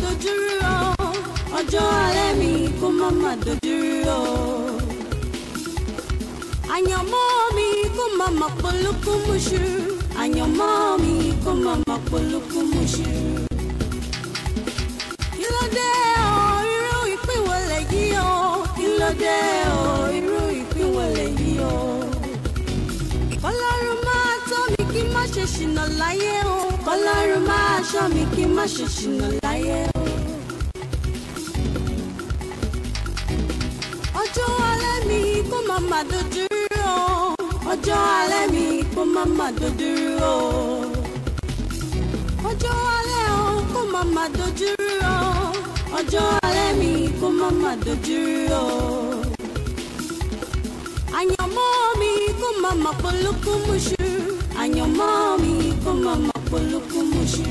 dojúrú o ọjọ́ alẹ́ mi kó má má dojúrú o. àyànmọ́ mi kó má má polúkú muṣu àyànmọ́ mi kó má má polúkú muṣu. kí ló dé o irú ìpínwọlé yìí o kí ló dé o irú ìpínwọlé yìí o. ọlọ́run máa tọ́ mi kí má ṣe ṣìnà láyé o ọlọ́run máa ṣọ́ mi kí n má ṣe ṣìnà láyé. ọjọ́ alẹ́ mi kó má má dojú rú o ọjọ́ alẹ́ mi kó má má dojú rú o ọjọ́ alẹ́ o kó má má dojú rú ọjọ́ alẹ́ mi kó má má dojú rú o àyànmọ́ mi kó má má polúkúmuṣu àyànmọ́ mi kó má má polúkúmuṣu.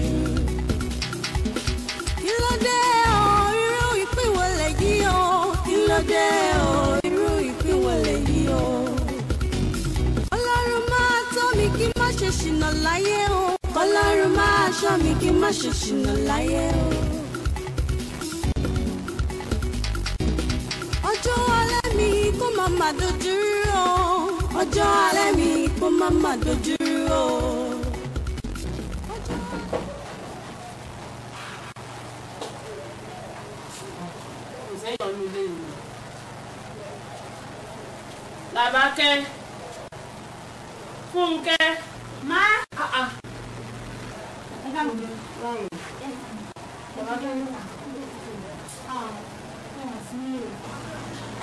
kílódé o irú ìpínwọlé yìí o kílódé o irú ìpínwọlé mi kí má ṣe o. ọlọ́run máa ṣọ́ mi kí má o. ọjọ́ alẹ́ mi kó má má dojú rú o. ọjọ́ alẹ́ mi kó má má dojú rú o. téèyàn ń lé ìlú làbákẹ́ fúnkẹ́ má kí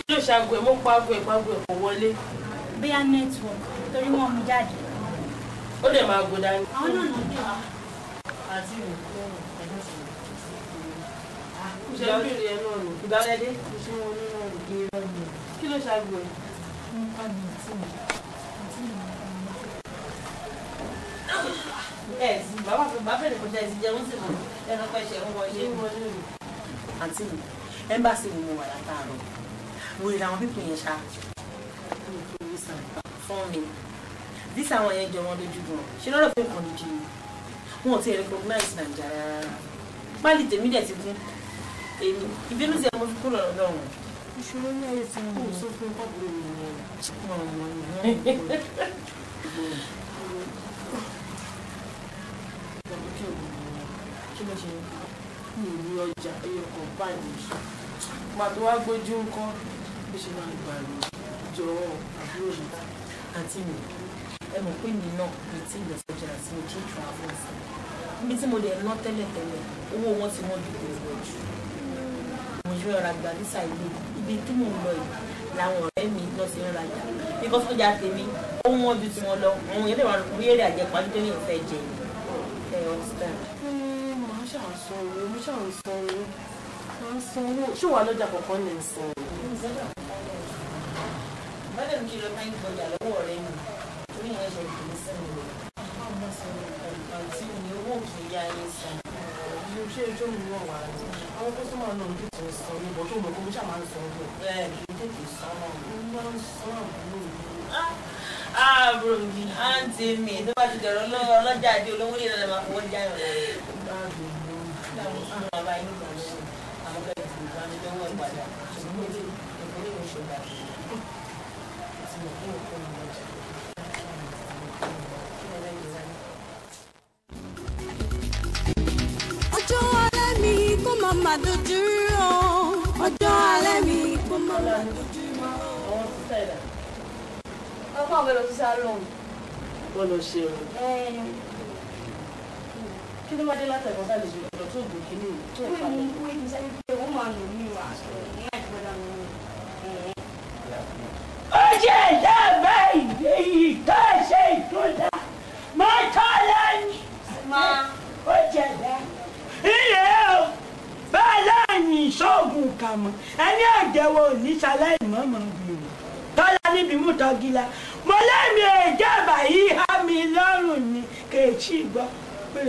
ló ṣàgò ẹ̀ mọ́ pàgò ẹ̀ pàgò ẹ̀ kò wọlé. bóyá network torí wọn mú jáde. ó lè máa gòdà ní. àwọn náà ló dé wa. àti rè é. ṣe ń bèrè ẹ náà nù. ìgbàlódé mo ṣe wọn nínú òde rẹ mi. kí ló ṣàgbọ̀ ẹ̀. ẹ bàbá bàbá bẹ̀rẹ̀ kọjá ẹ̀sìn jẹun sí mọ̀ ẹnu pẹ̀ṣẹ̀ ń wọlé. àǹtí mi ẹ́mbàsì mi mo wà látàárọ̀ mo rí àwọn pípọ̀ yẹn ṣá fún mi dísà àwọn yẹn jọ wọn lójú gan ṣé lọ́dọ̀ fún ìkànnì jù wọn ò tí ì recognize Nàìjíríà rárá pálí tèmi dẹ̀ ti kún èmi ìbínú sí ẹ mo fi kúrò lọ́rùn ìṣòro ní ayé tí mo sọ fún pàbùrù mi ni wọn mọ kí ló ṣe mi ò ní ọjà ẹyọkọ báyìí oṣù pàtó wá lè ná tẹ́lẹ̀tẹ́lẹ̀ owó wọn ti wọ́n ju gbogbo jù fẹ́ ra gbalisa ilé ibi tí mò ń lọ yìí làwọn ọ̀rẹ́ mi lọ sí ń rajà bíkọ́ sójà tèmi ó wọ́n ju tí wọ́n lọ òun yẹn lè wọ́n rí èrè àjẹpọ̀ àti tẹ́lẹ̀ ìfẹ́ jẹ ẹ ọ̀sán. Hmm, màá ṣàǹsọ̀rọ̀ mo ṣàǹsọ̀rọ̀ máa ń sanwó ṣé wàá lọ́jà kọ̀ọ̀kan ní ìsìn. bọ́dẹ̀ mi kì í máa ń gbọ́jà lọ́wọ́ ọ̀rẹ́ mi mo ṣe ìjọ mi náà wà ní àwọn kọ́sọ́mà náà ní kò sọ ní bọ́ tó mọ̀ kó mo ṣáà máa ń sọ ọ́ bẹ́ẹ̀ kì í tètè sọ ọ́ mo máa ń sọ àbúrò mi. àbúrò mi àǹtí mi tó bá ti dọ̀rọ̀ lọ́wọ́ ọlọ́jà àti olówó yẹn lọ́la máa fọwọ́ já yàn lọ́wọ́. mọ máa dojú o ọjọ́ alẹ́ mi kó mọ máa dojú mọ́. àwọn ti sẹ́ ẹ̀dá. ọkọ àwọn èrò ti sá lóhùn. wọ́n lọ ṣe o. kí ló máa dé láti ẹ̀kọ́ sáà lè ṣe ọ̀dọ̀ tó gbòó kínní o. wíwú wíwú sẹ́yìn pé ó máa lò mí wá ní àìgbọ́dọ̀ mi. ó ṣe dábàá ìgbéyìí tó ṣe ìtúndà máa tọ́ lẹ́yìn. máa ó jẹ̀dá. ilé ẹ̀ bẹ́ẹ̀ lẹ́yìn ṣọ́ọ̀gùn kàmọ́ ẹni àjẹwò nísàlẹ̀ ìmọ̀ọ́mọ̀ gbìyànjú tọ́lá níbi mú tọ́gílá mo lẹ́mi ìjọba yìí há mi lọ́rùn ni kèéṣì gbọ́ pé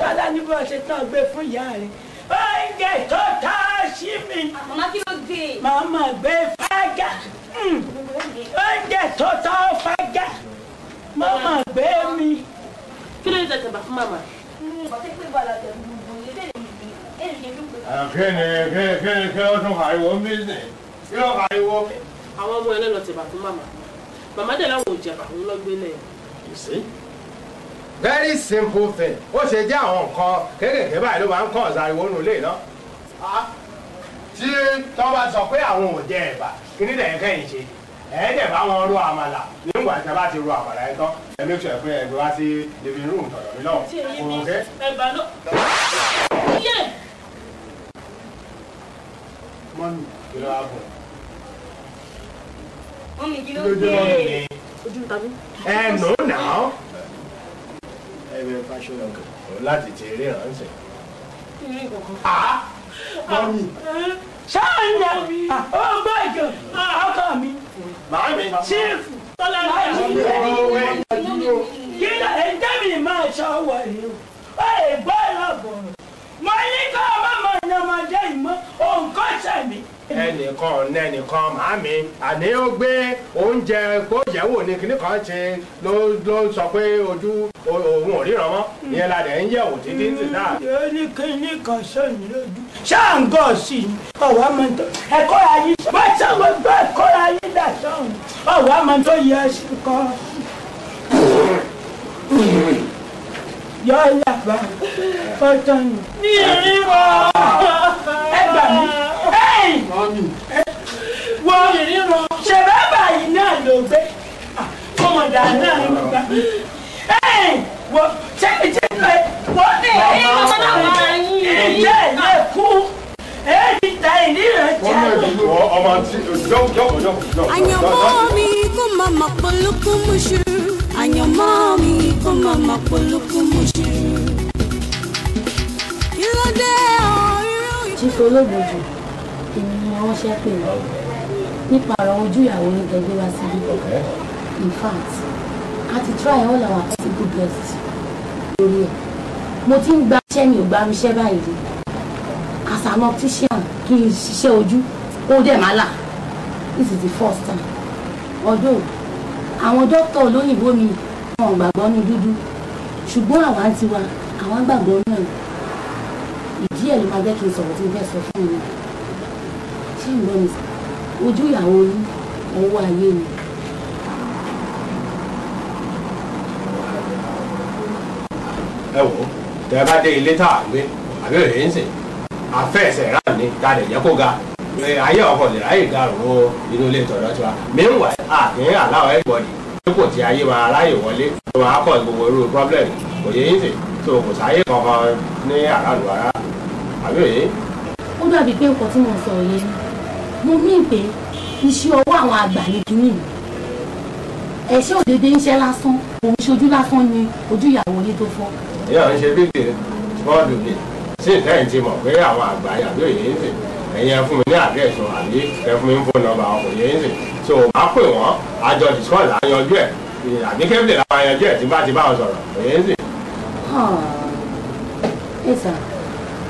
tọ́lá ní bó tán gbé fún ìyá rẹ̀ oúnjẹ tó tá a sí mi. màmá kí ló dé. màmá gbé fájà oúnjẹ hmm. tó tá a fájà màmá gbé mi. kí ló dé tẹ̀tẹ̀ bá fún màmá. bàtẹ́ pé bàlá gbogbo ilé ìlú ìlú kẹ́ni kẹ́ni kẹ́ni kẹ́ni ọdún àríwọ̀ ń bí sè kí ló àríwọ̀. àwọn ọmọ ẹlẹ́nu ti bà fún màmá màmá dẹ̀ láwọn òjàbà ń lọ́gbé náà. you see very simple thing ó ṣe jẹ́ àwọn nǹkan kéékèèké báyìí ló máa ń kàn ṣàríwó nù lé náà. tí tọ́ bá sọ pé àwọn ò jẹ ẹ̀bà kí ní dẹ̀yìn kẹ́yìn ṣe ẹ̀ẹ́dẹ̀ bá wọn ro àmàlà nígbà tí a bá ti ro àmàlà ẹ̀ tán ẹ̀ make sure pé ẹ̀gbẹ́ wá living room tọ̀yọ̀ mi náà kò rò kẹ́. mọ́mí. mọ́mí kí ló dé ojú tàbí. ẹ nù nà ó. ẹ bẹ fashion ọkàn láti ti eré ránṣẹ́. mọ́mí. sáàyà ọgbọ́n ìjọ ọkọ mi. màámi. sífù tọ́lá ní ìlú. kí ló ń tẹ́mi máa ṣọ́ wọ̀ yìí o. nǹkan ẹ̀ṣẹ̀ mi. ẹnìkan nẹnìkan màámi àní ó gbé oúnjẹ gbóyẹ̀wò ní kíní kan ṣe ló ló sọ pé ojú òun ò ríran mọ́ ìyẹn la dẹ̀ ń yẹ̀ wò títí tì náà. ó ní kíní kan sọ̀yìn lójú ṣáàǹgọ̀ sí i ọ̀wá máa ń tọ́ ẹ̀kọ́ ayé bá ṣàwọn gbọ́ ẹ̀kọ́ ayé dà sọ̀hún ọ̀wá máa ń tọ́ yẹ ẹ̀ṣin kan yọ yàgbá ọjọ́ ní ìrírọ̀ gbà mí. wo ṣẹ̀rẹ́ báyìí náà ló gbé kọ́mọ̀dà ah, náà ló gbà mí. wo ṣẹ́ni tí ẹ wọ́n ní ẹ̀yìn ọmọ náà wà ní ìjẹ́ ìlẹ̀ kú èyí ta ìdí rẹ̀ jẹ́ àlọ́. àyànmọ́ mi kò máa mọ̀ polúkú mú ṣu àyànmọ́ mi kò máa mọ̀ polúkú mú ṣu kí ló dé ọ́ ṣíṣe olóògbòjì èmi ni wọ́n ṣẹ́ pè mí nípa ọ̀rọ̀ ojú ìyàwó ní gẹ́gẹ́ wá síbí in fact a ti try all our possible best lórí ẹ̀ mo ti ń gba iṣẹ́ mi ò gba iṣẹ́ báyìí as an optician kí n ṣiṣẹ́ ojú ó dẹ̀ má là this is the first time ọdún àwọn dókítà olóyìnbó mi wọn ò gbàgbọ́ ní dúdú ṣùgbọ́n àwa ń tiwa àwọn gbàgbọ́ náà díẹ̀ ló máa jẹ́ kí n sọ̀rọ̀ tí mo fẹ́ sọ fún yín ṣé ń gbọ́ mi ojú ìyàwó yín ọwọ́ ayé mi. ẹ wò ó tẹ bá dé ilé tá à gbé àbí òye ń sìn àfẹ́ẹ̀sẹ̀ rà ní ta lè jẹ́ kó ga ayé ọkọ̀ lè ráyè ga òun inú ilé ìtọ́jú tiwa mẹ́wàá àkínyìn aláwọ̀ ẹ̀gbọ́dì kò tí ayé máa ráyè wọlé ló máa gbogbo irú problem kò yẹ yín sè kò sáyé kankan ní àràlù ara àbí òye. ó dàbí pé nǹkan tí mo sọ yé mo mí pé iṣẹ́ ọwọ́ àwọn àgbà ni ẹ̀ṣẹ́ òdede ń lásán òun ṣojú lásán ni ojú ìyàwó ilé tó fọ́. ìyá ń ṣe bíbí bọ́ọ̀lù bíi sí ìtẹ́yìn ti mọ̀ pé àwọn àgbà àbí òye ń sìn ẹ̀yin ẹ mi ní àdírẹ́sì àbí ẹ mi ní fóònù nọ́mbà ọkọ̀ yẹn ń sìn so màá pè wọ́n àjọ discord àyanjú ẹ̀ àbí kébìlì làwọn àyanjú ẹ̀ tí bá ti bá wọn sọ̀rọ̀ òye ń sìn. ẹ sà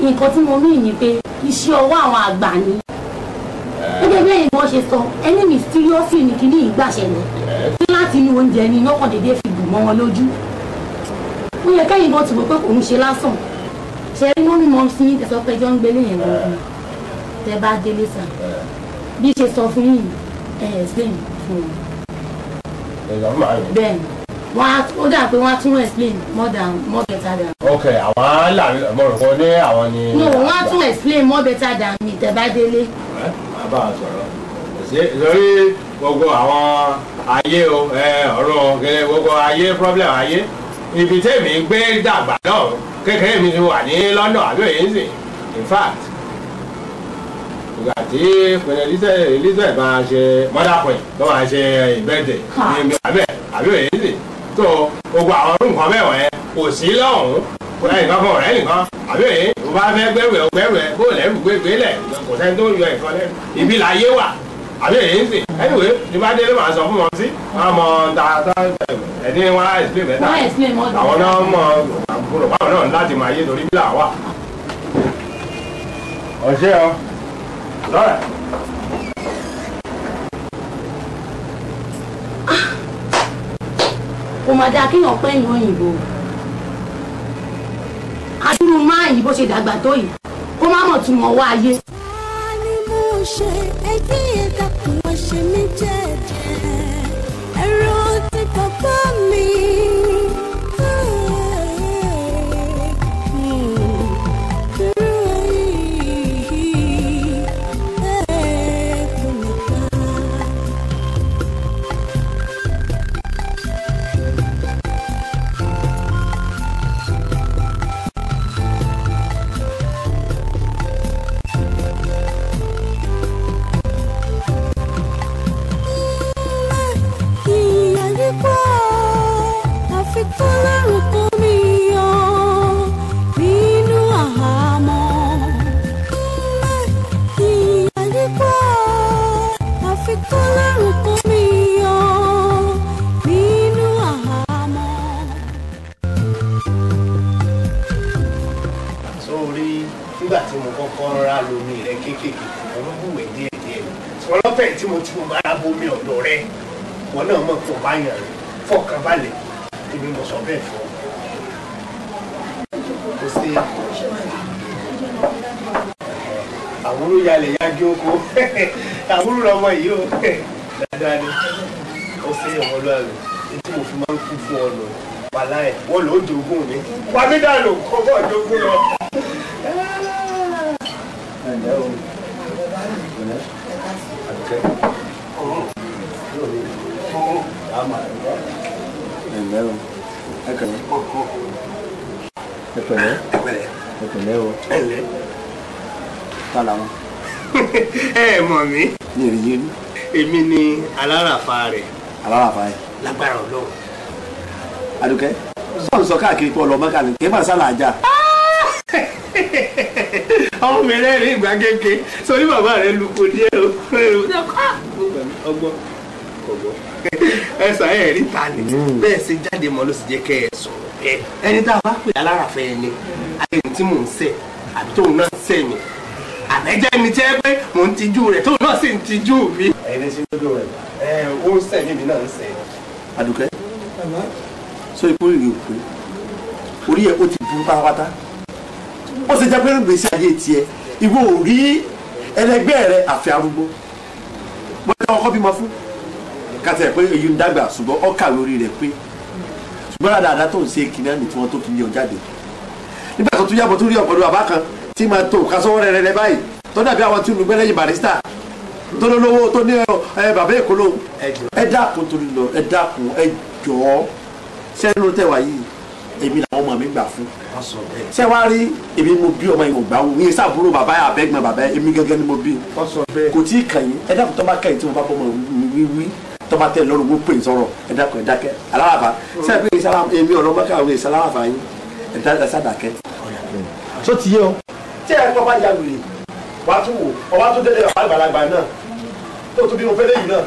nǹkan tí mo rí ni pé iṣẹ́ ọwọ́ àwọn àgbà ni gẹ́gẹ́ bí èyí wọ́n ṣe sọ ẹni mìsítíríọ́sì ni kí ní ìgbàṣẹ̀lẹ̀ tí láti inú oúnjẹ ni iná kan déédéé fi dùn mọ́ wọn lójú ó yẹ kẹ́yìn bọ́ ti wò pé kò ń ṣe lásán ṣe rí mọ́mí mọ́ sí ní tẹ̀sán pẹ́jọ́ ń gbélé yẹn lọ́wọ́ tẹ bá délé sàn bí ṣe sọ fún yìí ẹ̀ ẹ̀ sẹ́yìn fún un. bẹ́ẹ̀ wá ó dà pé wọ́n tún explain more than more better than. ok àwọn aláàrin mo rò pé ní no wọ́n á tún explain more better than mi tẹ̀bádélé. ẹ máa bá a sọ̀rọ̀ lórí gbogbo àwọn ayé o ọ̀rọ̀ gẹ́gẹ́ gbogbo ayé problem ayé ibi tèmi gbé dàgbà náà kékeré mi ti wà ní London àbí òye nsìn in fact ìgbà tí pẹ̀lẹ́ elizabeth máa ṣe mother point tó máa ṣe ìbẹ́ẹ̀dẹ̀ àbí òye nsìn tó gbogbo àwọn ọdún nǹkan bẹ́ẹ̀ wọ̀nyẹn kò sí lọ́hùn-ún kò rẹ́ nǹkan kan ọ̀rẹ́ nǹkan àbí èyí tó bá fẹ́ gbẹ̀rù ẹ̀ gbẹ̀rù ẹ̀ bó lẹ́rù gbégbé lẹ̀ kò sẹ́ni tó yọ nǹkan lẹ́nu ibi là yé wà àbí èyí ń sè ẹniwé ní bá délé màá sọ fún wọn sí wọn mọ ta ta ẹni wọn á explain mẹ́ta àwọn náà mọ àbúrò báwọn náà láti máa yé torí bí là wà. ọ̀ṣẹ́ ọ lọ́rẹ̀. Ah, kò máa dáa kéèyàn pẹ́ ìran òyìnbó adúrú máa yìí bó ṣe dàgbà tó yìí kó má mọ̀ tún wọn wá ayé. kọ́ra lomi rẹ kéékèèké òun bùwẹ̀ ọlọ́fẹ̀ tí mo ti mo bára bomi ọ̀dọ̀ rẹ wọn náà mọ̀ tó bá yàn fọkàn balẹ̀ èmi mo sọ bẹ́ẹ̀ fún kò sí àwúrú yalẹ̀ yájú oko àwúrú lọmọ yìí o dáadáa ni ó ṣe ọmọlúwàbí tí mo fi máa ń kú fún ọ lọ wàhálà ẹ wọn lò ó mi wàmí dànù kó bọ̀ lọ. ẹ̀mẹ́ o ẹ̀kẹ́lẹ́ ẹ̀pẹ̀lẹ́ ẹ̀pẹ̀lẹ́ o ẹ̀lẹ́ tala wọn. ẹ ẹ mọ̀ mí. mi rí yín. èmi ni aláràfà rẹ̀. aláràfà yẹn. lágbára ọlọ́run. adùkẹ́ sọ́ọ̀n sọ káàkiri pọ̀ lọ́mọ kàlí kí n máa sálà ajá. ọmọ mi rẹ́rìn ìgbà kéke sọ ní bàbá rẹ̀ lu kò díẹ̀ o. ọgbọ́n ọgbọ́n ẹ sọ ẹ rí ta ni hmm. bẹ́ẹ̀ ṣe jáde mọ́ ló sì jẹ́ kẹ́ ẹ sọ̀rọ̀ bẹ́ẹ̀ ẹni tá a bá pè alárafẹ́ ẹni àyẹ̀wò tí mò ń sẹ̀ àbí tóun náà sẹ̀ mi àbẹ́jẹ́ mi jẹ́ pé mò ń tijú rẹ̀ tóun náà sì ń tijú mi. ẹni tí ó dùn rẹ ẹ ó ń sẹ̀ mímí náà ń sẹ̀. àdùkẹ́ sọ ikú rèé ò pé orí ẹ ó ti burú pátápátá ó sì jẹ́ pé gbèsè ayé tiẹ̀ ìwọ ò rí ẹlẹgbẹ́ rẹ àfi arúgbó bọ́lá ọkọ bímọ fún kátà ẹ̀ pé èyí ń dàgbà ṣùgbọ́n ọ kàwé orí rẹ̀ pé ṣùgbọ́n àdáadáa tó ń ṣe kìnìún ní tiwọn tó fi lé ọ jáde nígbà tó tún yàgò tó rí ọ̀pọ̀lọpọ̀ bàbá kan tí máa tó kásánwó rẹ̀ rẹ̀ báyìí tó dàbí àwọn tí ń lùgbẹ́ lẹ́yìn barista tó ló lówó tó ní ẹ bàbá èkó ló ẹ dákun torí lọ ẹ dákun ẹ jọ̀ọ́ sẹ́nu tẹ̀wá yìí èmi làwọn ọmọ mi gbà fún ṣé wàá rí èmi mo bí ọmọ yìí mo gbà wọn bàbá yà abẹ́gbọ̀n bàbá yà èmi gẹ́gẹ́ ni mo bí kò tí ì kàn yín ẹ dákun tó bá kàn yín tí mo bá bọ́ ọmọ mi wí tọ́ba tẹ̀ lọ́rùn gbó pè sọ̀rọ̀ ẹ̀dàkọ̀ ẹ̀dàkẹ́ aláwàfà sẹ́yìn pé èmi ọ̀rọ̀ mọ́kà òun èsì aláwàfà yín ẹ̀dàkẹ́ sàdàkẹ́. tó ti yé o. tí ẹ̀ ń pọ́ bá ya wèrè wàá tún wò ọwá tún délé ọ̀pá àgbàlagbà náà ó tún bí mo fẹ́ léyìn náà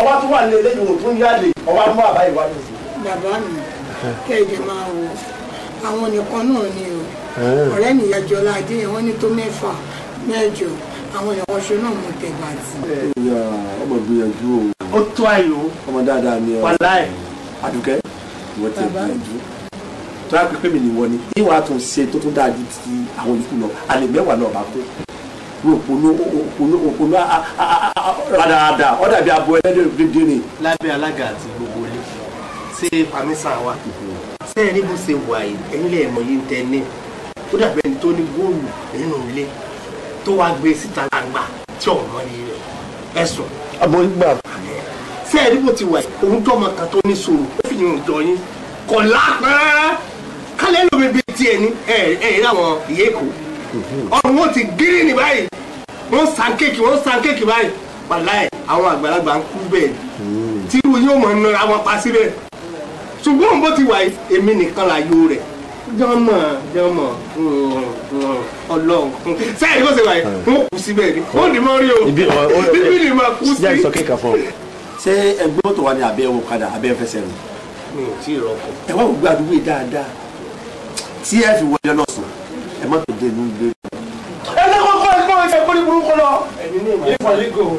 ọwá tún wà ní eléyìí o tún yálè ọwá mú àbá ìwà mi. bàbá mi kẹ́ẹ̀dẹ̀ máa wò àwọn nìkan náà ni o ọ̀rẹ́ nìyẹn jọlá adé yẹn wọ́n ní tó mẹ́fà mẹ́jọ àwọn ìyàwó ṣe náà mo tẹ̀gbà tì. ọmọ gbìyànjú o. ó tó àyò. ọmọ dáadáa ni ọ. wàhálà ẹ̀. àdùkẹ́ ìwọ tẹ̀ gbìyànjú. tó a pèpè mi ni wọ ni ìwà tó ń ṣe tó tún dáa ju ti àwọn ìlú lọ àlè mẹ́wàá náà bá kó òpònú òpònú òpònú rádaràdà ọ̀dàbí abo ẹlẹ́dẹ̀ dédé ni. lábẹ́ alága àti gbogbo ilé ṣé pàmísà wa ṣé ẹni bó ṣe wà yìí ẹni lè mọ yín tẹ́ ní ó dàbí ẹni tó ní góòlù nínú ilé tó wá gbé síta gbangba tí ọ̀nà ni rẹ̀ ẹ̀sùn. àmọ́ ìgbà. ṣé ẹ̀rí bó ti wà òun tó ọmọ kan tó ní sòrò ó fi hàn jọ yín kò lápẹ́ kálẹ̀ lómi bíi tiẹ̀ ní ẹ̀ẹ́dì àwọn ìyá èkó ọ̀run wọn ti gírí ní báyìí wọ́n san kéèkì wọ́n san kéèkì báyìí wàláì àwọn àgbàlagbà ń kú bẹ́ẹ̀ tí yóò mọ̀ nara wọn pa síbẹ̀ ṣùgbọ́n bó ti wà èmi nìkan là yóò rẹ̀ jọmọ jọmọ Ọlọ́run sẹ́yìn bó ṣe wà yìí wọn kù síbẹ̀ ni ó ní mọ rí o bíbélì máa kú sí. jẹ́ ìsọkè kan fún ọ. ṣé ẹgbẹ́ mọ́tò wa ni àbẹ́ ẹ̀wọ̀n kadà àbẹ́ ẹ̀fẹsẹ̀ rẹ̀. mi ò tí ì rọpò. ẹ wá gbogbo àdúgbò yìí dáadáa tí ẹ fi wọlé lọ́sùn ẹ má tó dé inú ilé. ẹ ní kókó ẹgbẹ́ wọn ṣe kórìí burúkú lọ. ẹ̀mí ní ìmọ̀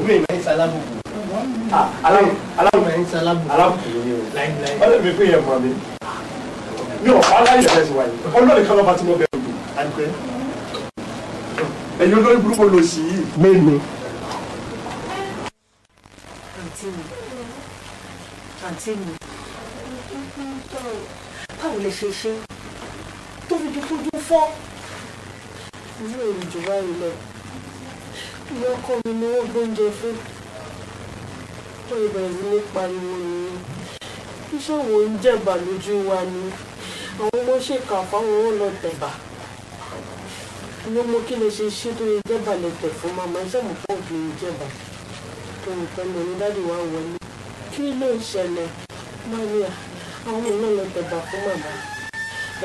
mi ìmọ̀ ìsàlámù. alámù alámù alámù mi ò fà láyé ẹ̀rẹ́ ti wáyé ọlọ́run kan lọ́ba tí mo bẹ̀rù jù àìpẹ́ ẹ̀yin olórí burúkú lò sí yìí. mélòó. àǹtí mi àǹtí mi báwo lè ṣe ṣe tó fi ju fojú fọ́ irú èrò jù báyìí lọ ìyá ọkọ mi ni wọ́n gbóúnjẹ fún tó ìbẹ̀rù ní pariwo nìyẹn iṣẹ́ wo ń jẹ̀bà lójú wa ni àwọn ọmọ ṣèkà fáwọn wọn lọ tẹ̀bà ló mú kí lè ṣe ṣé tó yẹ jẹ́bà lè tẹ̀ fún màmá iṣẹ́ mú pọ̀ kì í jẹ́bà tó nǹkan lè ní dáàdì wá wọlé kí ló ń ṣẹlẹ̀ mọ́níà àwọn ọmọ lọ tẹ̀bà fún màmá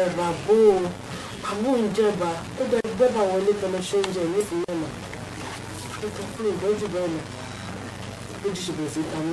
ẹ̀bà bó o àbú ń jẹ́bà ó jẹ́ gbẹ́bà wọlé tọ́lọ ṣe oúnjẹ nífìí mẹ́mà ó ti fún ìgbọ́jú bẹ́ẹ̀ lọ ó ti ṣèbẹ̀sí ta mí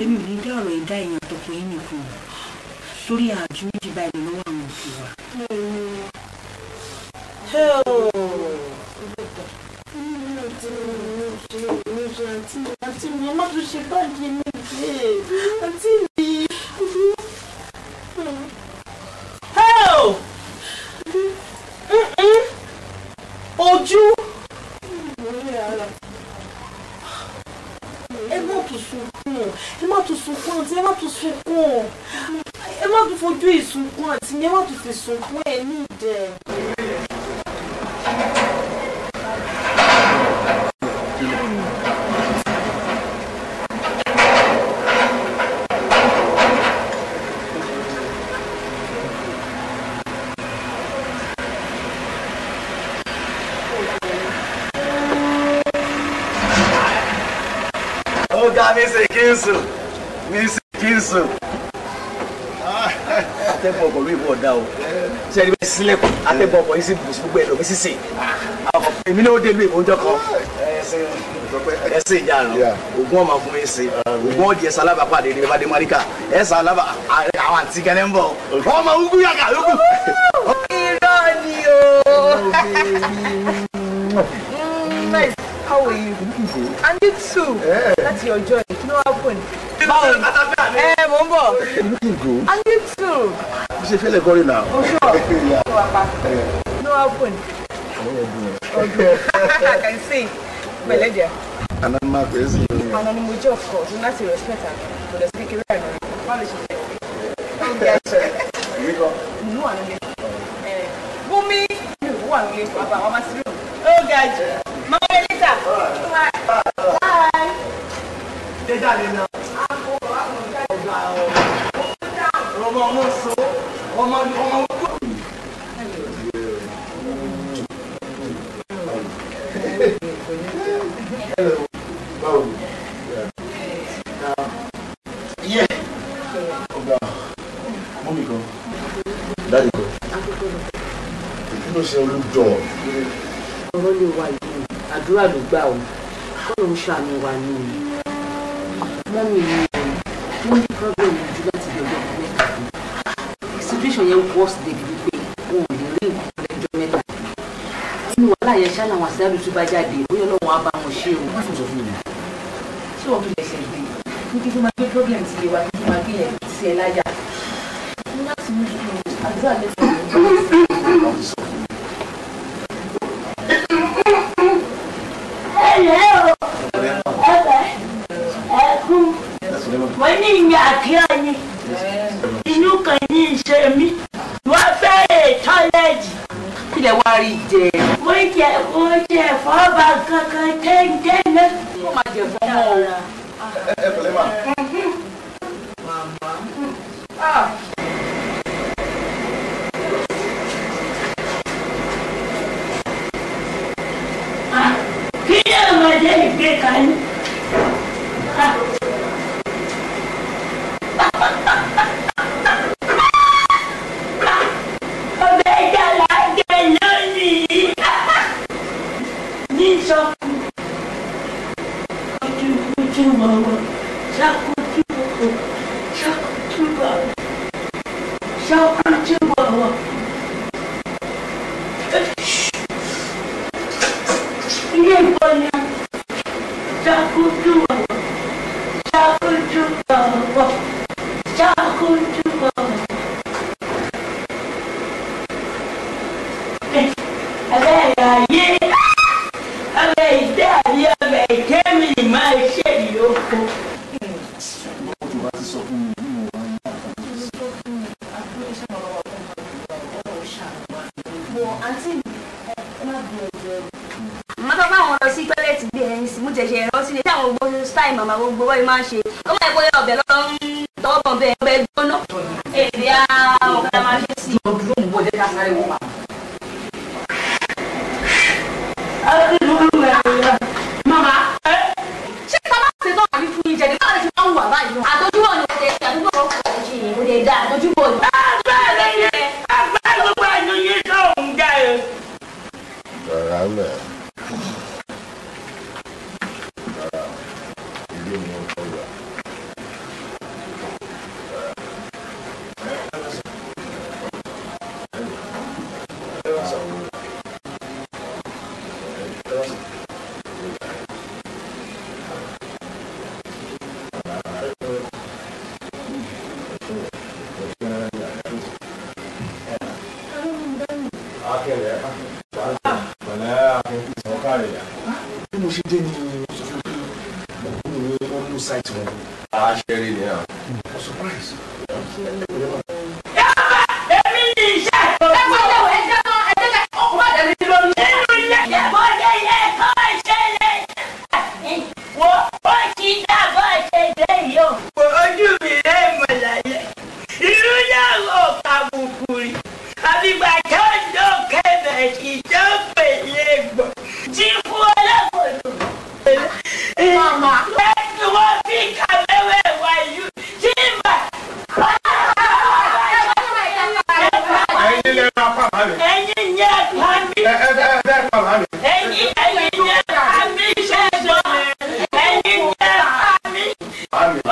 èmi ò ní dá ọ̀rọ̀ ẹ̀dá èèyàn tọkùnrin nìkan lórí àjò méjì báyìí lọ́wọ́ àwọn òkú wa. àǹtí mi má tún ṣe báyìí mi ṣe àǹtí mi. ojú. ẹgbẹ́ òkùnkùn sunkún ẹ má tún sunkún àǹtí ẹ má tún sunkún ẹ má tún fojú ìsunkún àǹtí ẹ má tún fi sunkún ẹ ní ìdẹ. sẹ́ni bẹ́ẹ̀ sílẹ̀kùn atẹ́gbọ́n ọkọ̀ yìí sì bùsù gbogbo ẹ̀ lómi sísè èmi náà ó dé ìlú ìbòjọ́ kan ẹ sì jà lọ ọmọ fún mi sí ògùn ọdí ẹsẹ alábàápá àdéhùn ìbá dé mọ́ríkà ẹsẹ alábà àwọn àti kẹlẹ́ ń bọ̀ ọmọ ugu yàgà lókù. irọ́ ni o. Mm, nice how are you and you too láti ọjọ́ yìí kí ló wá bọ̀ ni. báwo ẹ mò ń bọ̀ and you too say feel like going now. Oh, sure. yeah. No open. Okay. I can see. My lady. And I'm not crazy. And I'm with you, of course. And that's respect her. But let's make it right now. Polish it. Okay, sir. You go. No, I'm not. Bumi. Who are you? Papa, I'm a through. Oh, God. Mama, later. Bye. Bye. They got it now. I'm going to go. I'm going to go ọmọ ọmọ ọgbọ. ọ̀rọ̀ ní mọ́mì mi láti dọ̀dọ̀ condition yẹn worse débi wípé wọn ò lè rí nǹkan lẹ́jọ́ mẹ́ta tí wàhálà yẹn ṣáà làwọn àṣírí tó bá jáde bóyá ọlọ́run á bá wọn ṣe o. wọ́n fún sọ fún mi. ṣé wọ́n tún lè ṣe gbé ní kí máa gbé problem ti lè wá kí tó máa gbé yẹn sí ẹ láyà. nígbà tí mo ṣe àdúrà lẹ́sẹ̀ mi. Hello. Hello. Hello. Hello. Hello. Hello. Hello. Hello. Hello. Hello. Hello èmi wọ́n fẹ́ tọ́lẹ̀jì. kí lẹ wá rí jẹ. mo jẹ mo jẹ fọba kankan téńté náà. ó máa jẹ fọmọ o. ẹ ẹ pẹ̀lẹ́ ma. màmá. Ah, kí ni àwọn ọmọdé 아멘.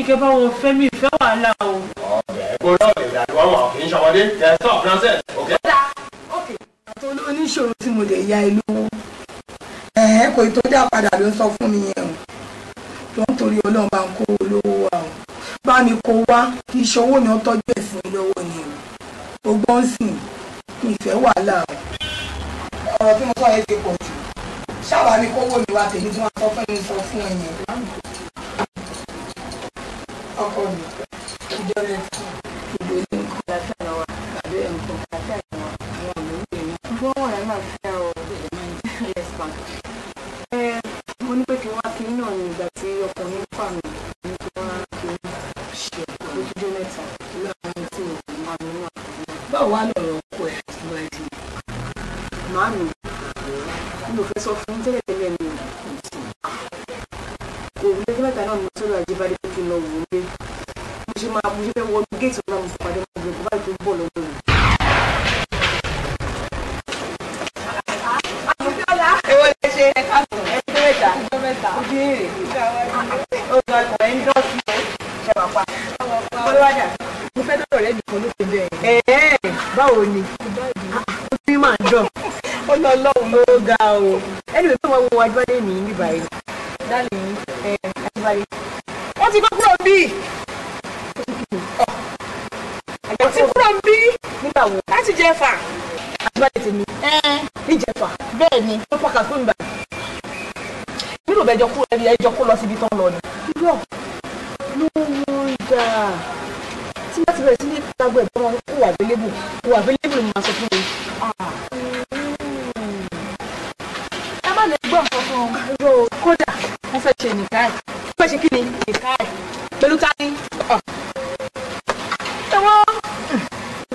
ní kẹ́ bá wọn fẹ́ mi wàhálà o. ọbẹ̀ kó náà wọn kì í ṣọmọdé ẹ stop nonsense ok. ọ̀dà ok àti oníṣòro tí mo lè ya ìlú wo ẹ̀ẹ́n kò tó dá padà ló ń sọ fún mi yẹn o tó ń torí ọlọ́run bá ń kó olówó wa o bá mi kó wá kì í ṣọwọ́ mi ó tọ́jú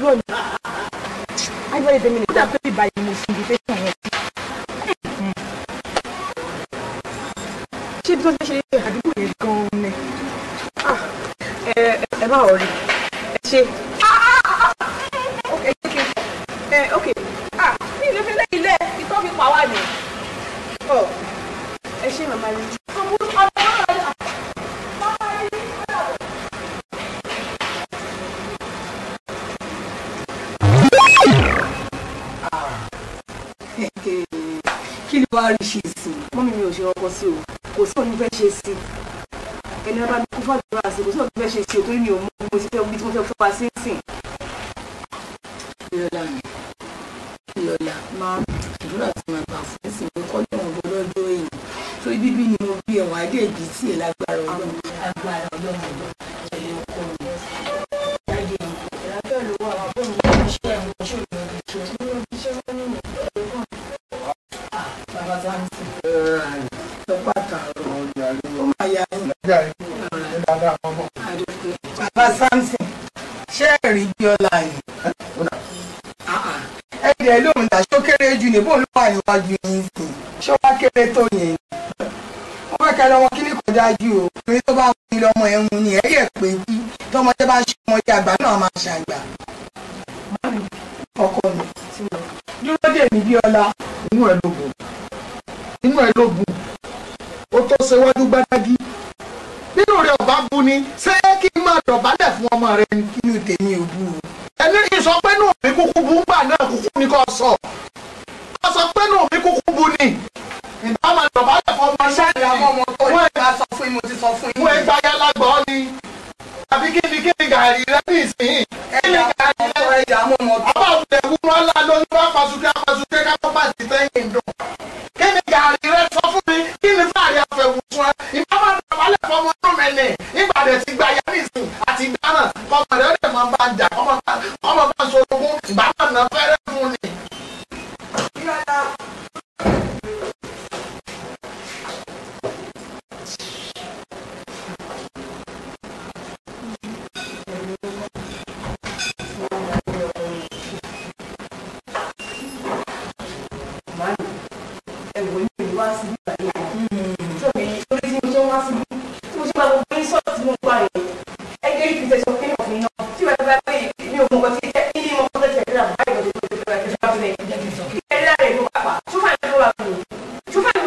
I've tèmi nìkan. kódà así àgbà náà máa ṣe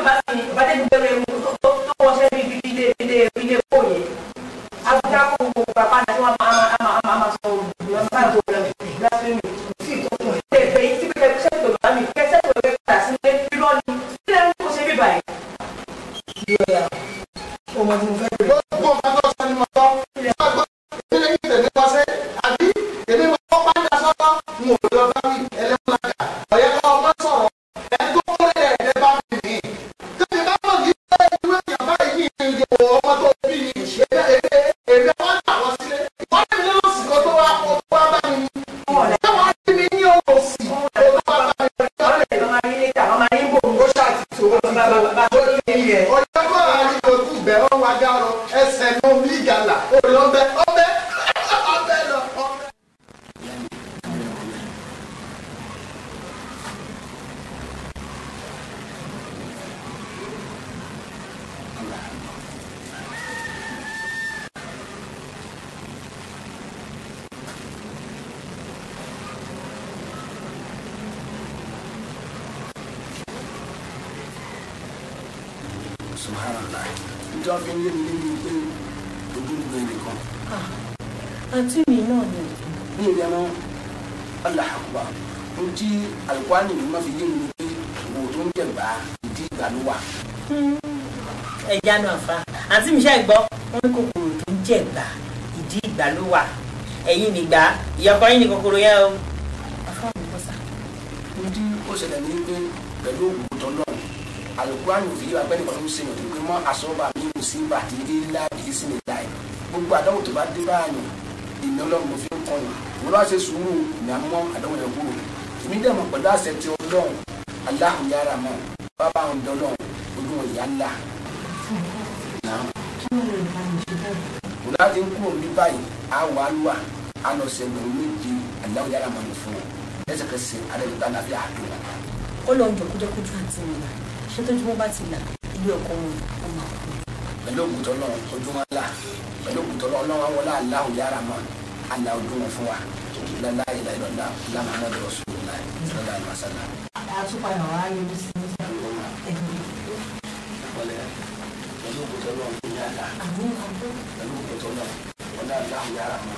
but but it ìyapa yín nìkan koro yẹn o. ndí ó ṣẹlẹ̀ ní pé pẹ̀lú òògùn tó lọ àlùkò àyùn fi yíwa pẹ́ẹ́nì kan ló ń ṣe nìkan pé mọ́ àsọ́ba mi kò sí ìgbà tí ilé ńlá yìí sì nílá yìí gbogbo àdánwò tó bá dé báyìí ìná ọlọ́run ló fi ń kọyìn mo lọ́wọ́ ṣe sùúrù ní àmọ́ àdánwò yẹn kúrò èmi dẹ̀ mọ̀ pẹ̀lú àṣẹ ti ọlọ́run aláhùn yára mọ́ bàbá àwọn ọ̀dọ́ ojú wọn ìyá ńlá. kí ló lè bá mi ṣe láti ń kúrò ní báyìí àwọ̀ àlùwà n'o se mɛ n bɛ di alahu yala ma nin fɔ ne se ka se ala de b'a lafiya hakili la. ó lọ jọ kújẹkújẹ àti ìlà ṣé tójúmọ́ bá ti là ilé ọkọ wọn ó máa kú. pẹ̀lú òkútọ́ náà ojúmọ́ la pẹ̀lú òkútọ́ náà ọlọ́wọ́ wọlé alahu yala ma alahu dùn wọn fún wa lọ́la ìlà ìlọ́la lama náà lọ sùn lọ́la ìlọ́la ìlọ́sàlá. àtúpalẹ̀ wàá yẹ mí sí pẹ̀lú òkútọ́ náà ọlọ́la pẹ̀lú òkútọ́ náà ọlọ́la yàrá ma.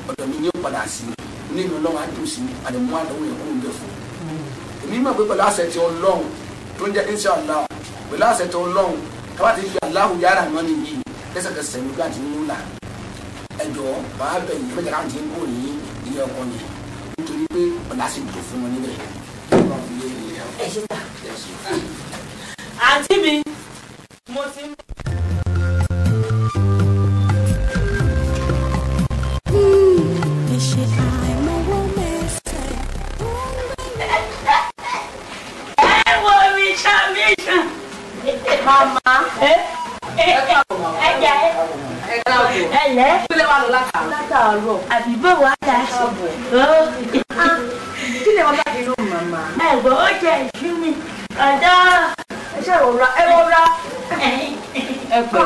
ní o padà sí mi nínú ọlọ́run àdùn sí mi àdèmú àdánwò yẹn kúrò ń bẹ̀ fún mi. èmi mọ̀ pé pẹ̀lú àṣẹ ti ọlọ́run tó ń jẹ́ inṣàlá pẹ̀lú àṣẹ ti ọlọ́run káwá ti fi aláhùn yára mọ́ ni yìí lẹ́sẹ̀kẹsẹ̀ ní gbà tí ń múlà ẹ̀jọ̀ bàá bẹ̀ yìí fẹ́jà láti ń kó ní ilé ọkọ yẹn nítorí pé ọ̀la sì dùn fún wọn níbẹ̀. ẹ mo ti ń bọ̀. láàárọ̀. àbí bó wàá dà sí. kí ni wọn bá fi rún màmá. ẹ̀gbọ́n ó jẹ ìṣú mi ọ̀dọ́. rọra ẹ rọra. ẹ̀kọ́.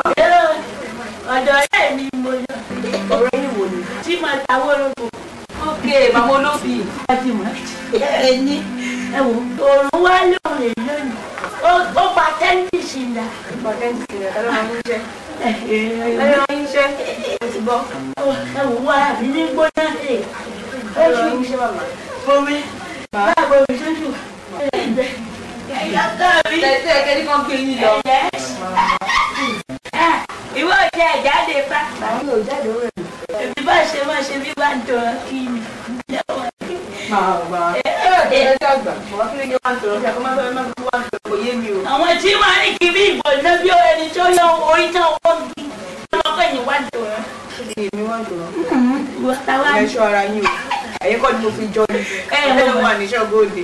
mo fi jọ ni. ẹ ẹ mo wà ní ṣọ́gbọ́n òde.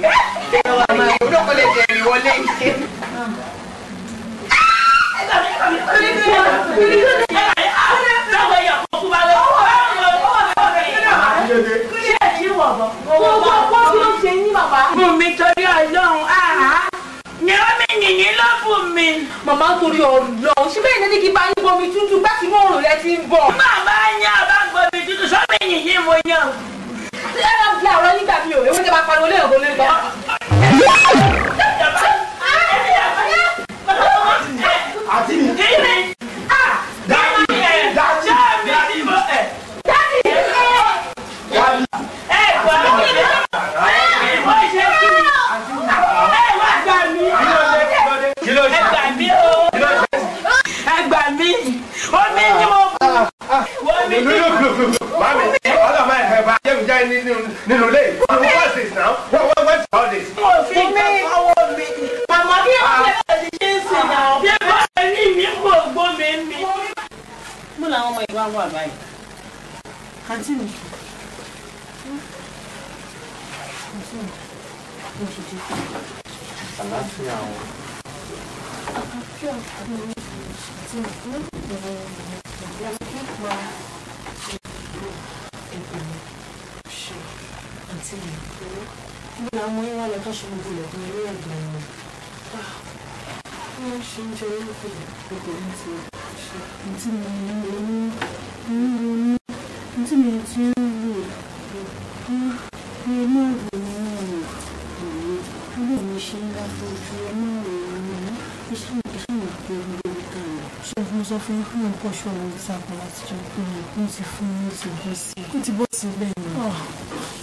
ntí mi sọ fún mi fún nǹkan ṣọ́ ọ̀rọ̀ ìta kan láti jọ pé mo ti fún mi ti bọ́ sí i. ó ti bọ́ sí ilé mi. Ah,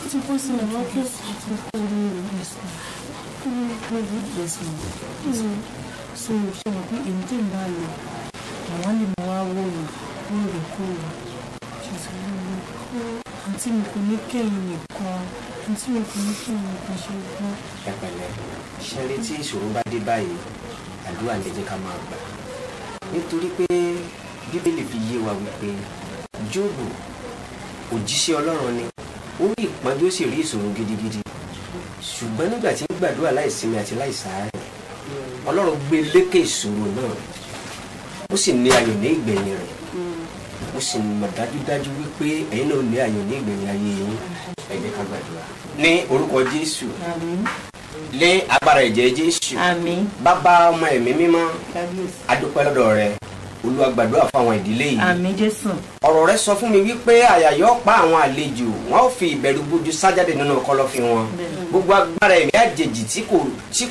ó ti bọ́ sí ilé mi ó ti kú orí rẹ̀ kí ló ń pẹ́ bí ìgbésí mi. so ṣe mọ̀ pé èmi tẹ̀ ń bá lọ àwọn lè mọ wá wò ó lóòrèkóòrè ṣètò lórí àǹtí mi kò ní kẹ́yìn nìkan àǹtí mi kò ní kẹ́yìn nìkan ṣe gbọ́. ẹ pẹ̀lẹ́ ṣe lè tí ìṣòro nítorí pé bíbélì fi yé wa wípé jóòbù òjíṣẹ́ ọlọ́run ni ó rí ìpọ́njú ó sì rí ìṣòro gidigidi ṣùgbọ́n nígbà tí ń gbàdúrà láìsinmi àti láìsáárẹ̀ ọlọ́run gbé lékè ìṣòro náà ó sì ní ayọ̀ ní ìgbẹ̀yìn rẹ̀ ó sì mọ̀ dájúdájú wípé ẹ̀yin náà ní ayọ̀ ní ìgbẹ̀yìn ayé yín ẹ ká gbàdúrà ní orúkọ jésù lé agbára ẹ̀jẹ̀ jésù àmín bàbá ọmọ ẹ̀mí mímọ́ adúpẹ́ lọ́dọ̀ rẹ olúwa gbàdúrà fún àwọn ìdílé yìí àmín jésù ọ̀rọ̀ rẹ sọ fún mi wípé àyà yóò pa àwọn àlejò wọn ò fi ìbẹ̀rù bójú sájáde nínú kọ̀lọ̀fín wọn gbogbo agbára ẹ̀mí àjèjì tí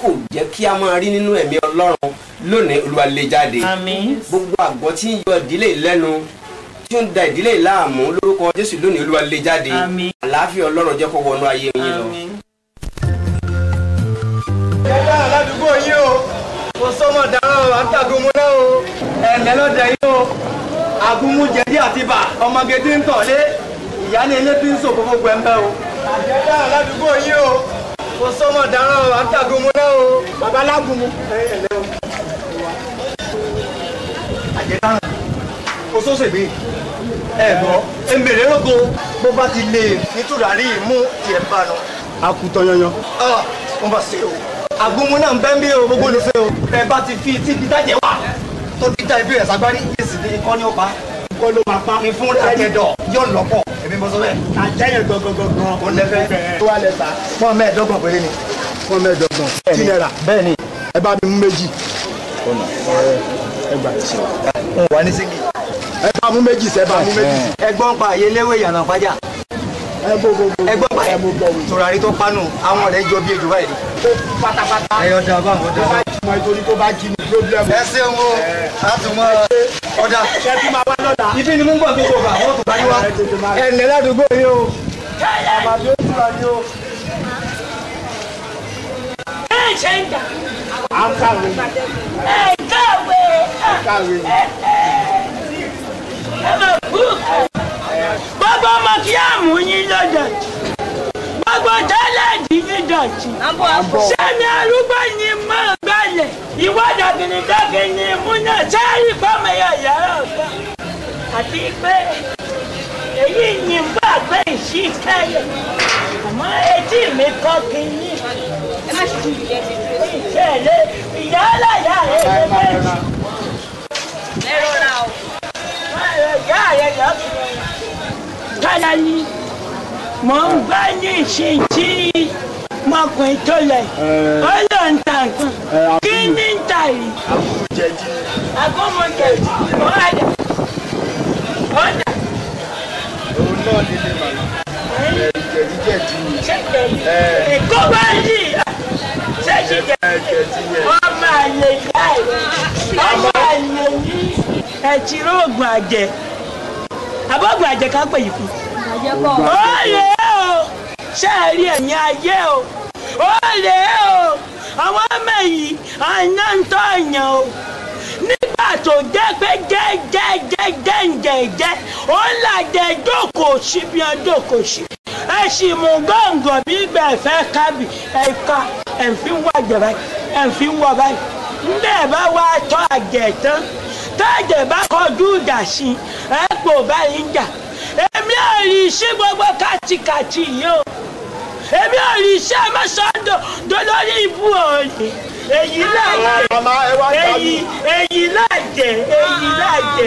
kò jẹ́ kí a máa rí nínú ẹ̀mí ọlọ́run lónìí olúwa lé jáde àmín gbogbo àgbọ̀ tí ń yọ ìdílé lẹ́nu tí ó ń da ìdílé láàmú lórúkọ jésù lónìí olúwa lé jáde àlàáfíà ọlọ́run jẹ́ kó wọnú ayé yín lọ ẹ dára ládùúgbò yín o kò sọmọ dáràn àtàgùnmúná o ẹ̀ǹdẹ́ lọ́dẹ yín o àgùnmú jẹ̀dí àti bà ọmọgedé ń tọ̀lé ìyá ní ilé bí ń sòkò gbogbo ẹ̀ńbẹ́ o ẹ dára ládùúgbò yín o kò sọmọ dáràn àtàgùnmúná o babalágùnmú ẹ̀ǹdẹ́ o àjẹdáràn o sọ́sẹ̀ bíi ẹ̀gbọ́n èmèrè rogo bó bá ti lè nítorí àrí ìmú tiẹ̀ bá lọ. akutọ yanyan. ah wọn bá ṣe o àgúnmu náà ń bẹ́ ń bí o gbogbo olùfẹ́ o ẹ bá ti fi tí bíi dájẹ́ wà tó ti já ibi rẹ̀ sagbárí yéèsì ní ikọ́ ní ó pa kọ́ ló máa pa ní fún àjẹdọ̀ yóò lọ́pọ̀ èmi mọ sọ bẹ́ẹ̀. àjẹyẹ gangan kò lẹ́fẹ̀ẹ́ tó wà lẹ́ta fún mẹ́ẹ̀ẹ́dọ́gbọ̀n péré ni fún mẹ́ẹ̀ẹ́dọ́gbọ̀n tí náírà bẹ́ẹ̀ ni ẹ bá mi mú méjì ẹ gbà tí o. n wà ní sígi. ẹ bá mú méjì sẹ́ bá mú méjì. ẹ gbọ́n pa àyè léwé ẹgbọ́n báyìí tòràrí tó pánù àwọn ọ̀rẹ́ jọ bí ejò báyìí. ó pátápátá ẹyọ dà bá àwọn dà bá jùmọ̀ tó bá jí mi lóbìlẹ́mù. ẹ ṣeun o látùmọ̀ ọ̀dà. ṣé kí máa wá lọ́la. ibi ni mú bọ̀ tó kò bá wọ́n tó bá yí wá. ẹ ǹlẹ́ ládùúgbò yìí o àbàbí ó ti wà ní o. ẹ ṣe ń dà. à ń kàwé. ẹ kàwé. ẹ kàwé. ẹ máa bú gbogbo mọ̀kíyàmù yín ló dọ̀tí gbogbo tẹ́lẹ̀dì yín dọ̀tí sẹ́mi arúgbó ni mọ́ gbalẹ̀ ìwádà bìnnìdọ́gì ni múná sẹ́ẹ̀rì pọ́mọ yọ̀yọ̀ ọ̀gá àti pé èyí ni ń bá gbé ìṣí kẹ́yọ̀ àmọ́ etí mi kọ́ kí ní ìṣẹ̀lẹ̀ ìyá ọlọ́yà rẹ̀ lè méjì. Ẹ̀rọ ra o tọ́lá ni mò ń gbọ́ ní ìsìn tí mọkùnrin tó lẹ̀ eh. ó lọ ń ta nǹkan eh, kí ní ń ta yìí. àbọ̀mọ̀jẹ̀jì ó wà dà ó dà. òun náà lè lè màlá eh. jẹ̀díjẹ̀dí. èkó bá yí jẹ̀díjẹ̀dí ọmọ àjẹ́ àbọ̀gbọ̀n àjẹká pè yìí kú. ó lè o ṣe é rí ẹ̀yìn ayé o ó lè o àwọn ọmọ yìí àná ń tọ́ ẹ̀yàn o nígbà tó jẹ́ pé jẹ́jẹ́jẹ́jẹ́jẹ́jẹ́ ó ń làjẹ́ jókòó sí bí wọ́n jókòó sí ẹ sì mú gọ̀ǹgọ̀ bí ìgbà ẹ̀fẹ́ kábì ẹ̀ka ẹ̀fín wà jẹ̀ báyìí ẹ̀fín wà báyìí ń bẹ́ẹ̀ bá wá tọ́ àjẹ̀ tán tẹ́jẹ̀ bá kọjú ìjà sí ẹ kò báyìí ń jà èmi ò rí sí gbogbo kàtìkàtì yìí o èmi ò rí sí àmọ́sọ́dọ̀ dolórí ibú òòlì èyí láàjẹ èyí èyí láàjẹ èyí láàjẹ